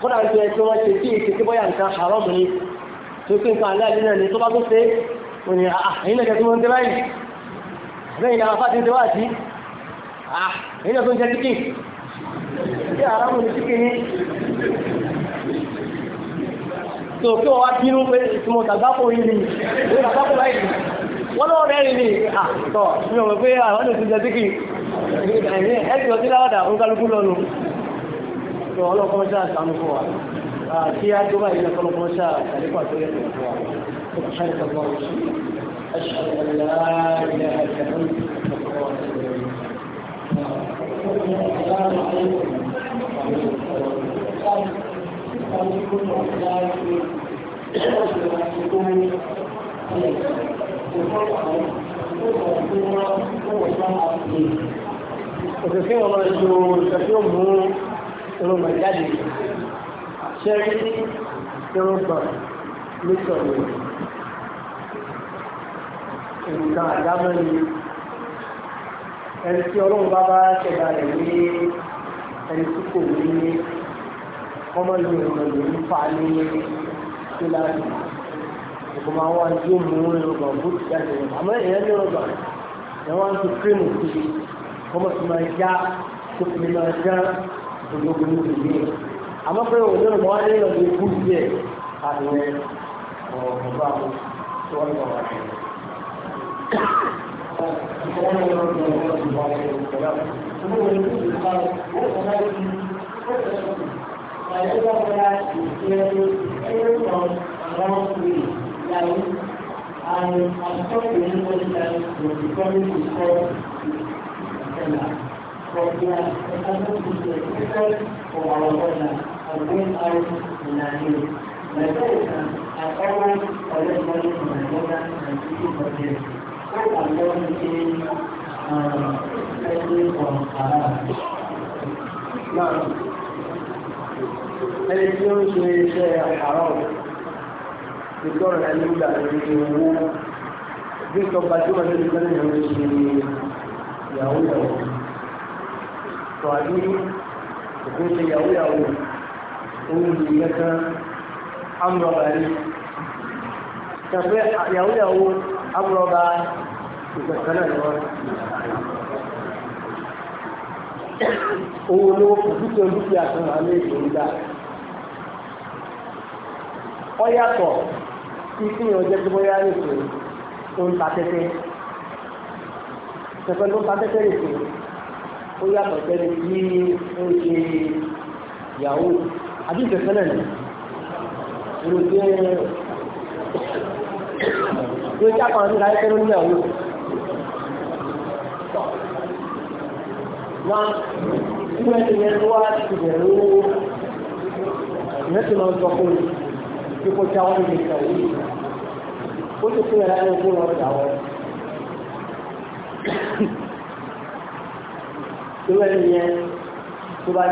kódà ń jẹ tí wọ́n ṣe tí èsì tí bọ́yà nǹkan haram ni tó kí nǹkan aláàlú náà ni tó bá tó ṣe ò ní àyín ah, ah, náà kẹtí wọn ń tẹ báyìí lẹ́yìn àwọn afáàtì ń tẹ wáàtí àyín ah, náà tó ń jẹ tíkì tí haramu ni tíkì ni tó kí wọ́n wá bínú pé ìtumọ̀ tàgbákò yìí ni ìwé tàgbákò láì ní wọ́n lọ́wọ́ rẹ̀ ni àtọ̀ mi ò mọ̀ pé àwọn ọ̀nà ìsinjẹ síkì ẹ̀sìn ọtí láwàdà ń kálukú lọ́nu tó ọlọ́kọ́ ṣáà sànú fún wa kí á tó báyìí lọ́kọ́ ó kọ́ ṣáà sọ́kọ́ أشهد Òkèké ọmọ ìlú ìṣẹ́fíò mú irun mọ̀ jáde, ṣe rí irun kan lóṣọ̀ ní nǹkan àdámọ́ ni ẹni tí ọlọ́run bá bá ṣẹ̀dá rẹ̀ ní ẹni tí kò ní ọmọ yìí ò lè ń fa ní kíláàsì kò máa wá ní yóò mú irùngbọ̀n bó ti jáde rẹ̀ àmọ́ èèyàn ní irùngbọ̀n ẹ̀ wá ń fi kírìmù sí i ọmọ tó máa já tó fi máa já gbogbo ní ìlú yẹn àmọ́ pé òun ní irùngbọ̀n wá ní ìrọ̀lẹ́ ikú díẹ̀ àdìrẹ ọ̀rọ̀ bá wọn tó wọ́n lọ wà
Thank you whatever that is created, every from around three, like, and I'm sorry to anybody that was becoming to call
but they are entitled to the people for our honor and bring out in our name. My person, I always collect money from my mother and give it for them. So I'm not making
um, especially from Arab.
Now, ẹni tí ó ń ṣe iṣẹ́ àárọ̀ ìgbọ́ràn ẹni gbà lórí owó bí nǹkan gbajúmọ̀ lórí gbọ́dọ̀ ní ọdún ṣe ìyàwó yàwó tó àbí òkú ṣe ìyàwó yàwó òun yìí gẹ́gẹ́ amúrọ̀bà rí tàbí ìyàwó yàwó amúrọ̀bà ìgbẹ̀kan ni wọ́n owó olówó fún dúkìá dúkìá tó wà ní ètò ìdá ọ yàtọ̀ sí kí ni ọjọ́ tí bóyá lè pè tó ń ta tẹ́tẹ́ tẹ́tẹ́ ló ta tẹ́tẹ́ lè pè ó yàtọ̀ tẹ́lẹ̀ tí ó ṣe ìyàwó àbí ìtẹ̀sẹ́lẹ̀ nì irú tí tí ó jápa ní láyé tẹ́lẹ̀ níyàwó tí wọ́n ti yẹn wá ti bẹ̀rẹ̀ owó ìyẹn ti máa ń sọ fún mi kí kò jáwọ́ níbi ìtàn yìí ó ti fún yàrá ẹni fún lọ́ọ́ jáwọ́. Ìwé ẹni yẹn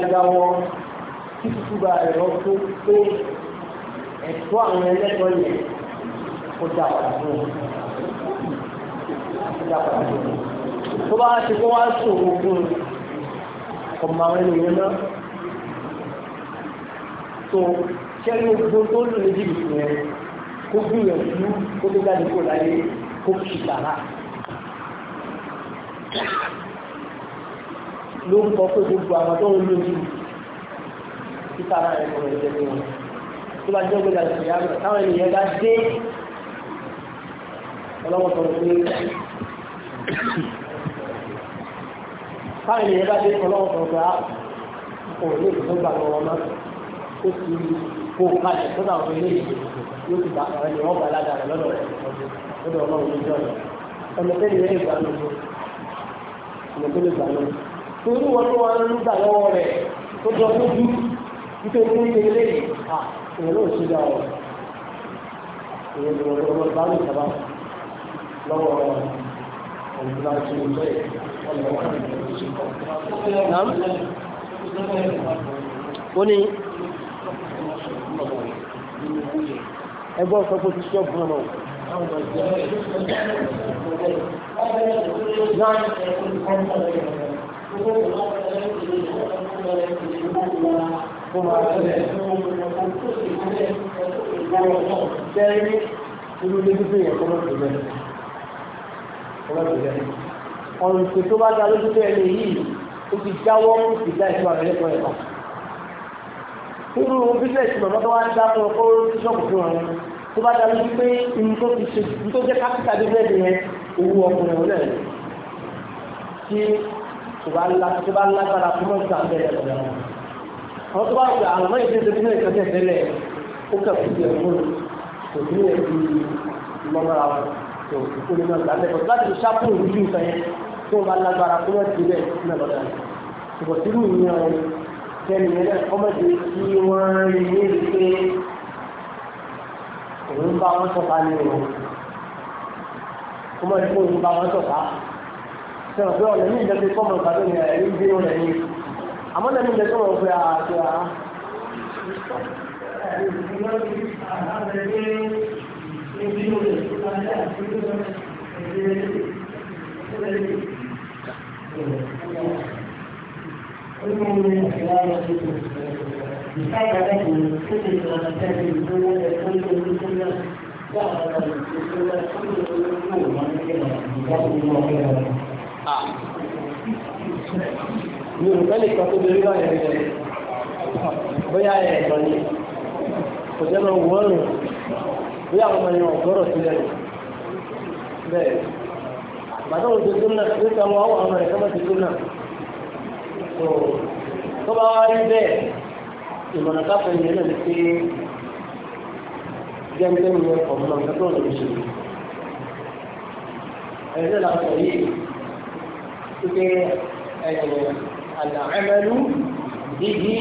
ẹ̀tọ́ àwọn ẹlẹ́tọ́ yẹn kó dá padà fún wọn. Kó dá padà fún wọn. Tó bá ti kó wá sòwò fún ọmọ àwọn ènìyàn náà tó ṣẹ́yìn gbogbo tó lò ní jìbìtì yẹn kó gbìyànjú kó tó jáde kó láyé kó kì bàrà ló ń kọ́ pé gbogbo àwọn tó ń lò jù títà náà ẹ̀kọ́ rẹ̀ jẹ́ wọn tó bá jẹ́ gbọ́dọ̀ àti rẹ̀ táwọn ènìyàn bá dé ọlọ́wọ́ sọ̀rọ̀ pé káwọn ènìyàn bá dé ọlọ́wọ́ tọ̀tọ̀ á kò ní ìdúró gbà lọ́wọ́ náà ó ti kó kalẹ̀ tó náà wọlé yóò ti bá ọ̀rẹ́ ni wọ́n bá ládàá rẹ̀ lọ́dọ̀ lọ́dọ̀ ọlọ́run lójú ọ̀nà ọ̀nà tẹ́lẹ̀ yẹn lè gbà lọ́wọ́ ọ̀nà tẹ́lẹ̀ gbà lọ́wọ́ torí wọn tó wọn ń gbà lọ́wọ́ rẹ̀ tó jọ lójú nítorí ní ìdílé yìí à èèyàn ló ṣe ó ní ẹgbọ́n sọ pé ṣíṣọ́ fún ọmọ Tẹ́rí, olú lé gbígbé ẹ̀kọ́ mọ́ ìgbẹ̀rẹ̀ ọ̀rùn ìpè tó bá dá lójú pé ẹni yìí ó ti jáwọ́ ó ti dá ìtura rẹ̀ lẹ́kọ̀ọ́ ẹ̀kọ́ irú bísẹ̀sì màmá tó wá ń dá fún ọkọ̀ orí ṣọ́ọ̀bù fún ọ tó bá dá lójú pé ní tó ti ṣe ní tó jẹ́ kápítà bísẹ̀sì yẹn owó ọkùnrin ọ̀nà ẹ̀ tí tó bá lágbára fún mọ́tò àbẹ̀rẹ̀ ọ̀dọ̀ àwọn tó bá gbà àlọ́mọ́ ìṣẹ́ṣẹ́ bísẹ̀sì fún ìyẹn fún tó ìkóni náà gbà lẹ́kọ̀ọ́ tó bá ti sápò ìlú nǹkan yẹn tó bá lágbára kó wọ́n ti bẹ̀ náà lọ́dà yìí ṣùgbọ́n tí ìlú yẹn wọn kẹ́ni yẹn náà kọ́mọ̀tì tí wọ́n rí ní ìlú pé òun bá wọn sọ̀tà ní ìlú kọ́mọ̀tì pé òun bá wọn sọ̀tà sọ̀rọ̀ pé ọ̀nà ní ìjọba kọ́mọ̀ ìpàdé ní ẹ̀rí bínú Mi ò fẹ́ lè kọ́ tó lórí báyìí rẹ̀. Bóyá ẹ̀ ẹ̀kọ́ ni, kò jẹ́ lọ wọ́n rùn bí àwọn ọmọ yẹn ọ̀gọ́rọ̀ sílẹ̀ rẹ̀ bẹ́ẹ̀ bàtà òjò gómìnà ló ti àwọn àwọn ọmọ rẹ̀ kọ́mọ̀ ti gómìnà tó tó bá wá rí bẹ́ẹ̀ ìmọ̀nà káfẹ́ yẹn náà ti jẹ́ńtẹ́ mi yẹn ọ̀mọ̀nà nǹkan tó lè ṣe ẹ̀rẹ́ la sọ yìí pé àlàámẹ́lú dídí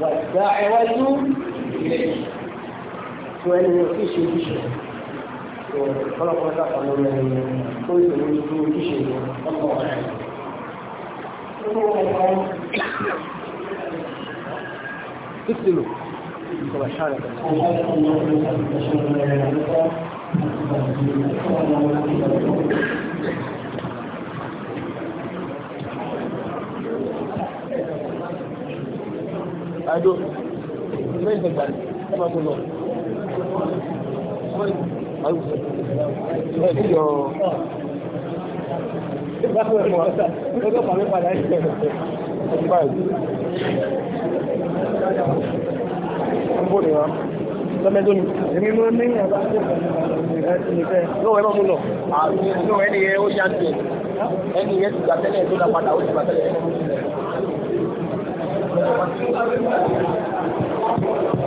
wàdà ẹ̀wájú ilé tó ẹni ní ojúṣe ojúṣe ọlọ́pàá dàpọ̀ lórí ẹni tó ń tẹ̀lé ojú ojúṣe ọkọ̀ rẹ̀. Ìsìlò ìkọ̀wé sáré. Adó, lẹ́yìn ìgbà lọ ẹjọ́ ìgbàgbọ́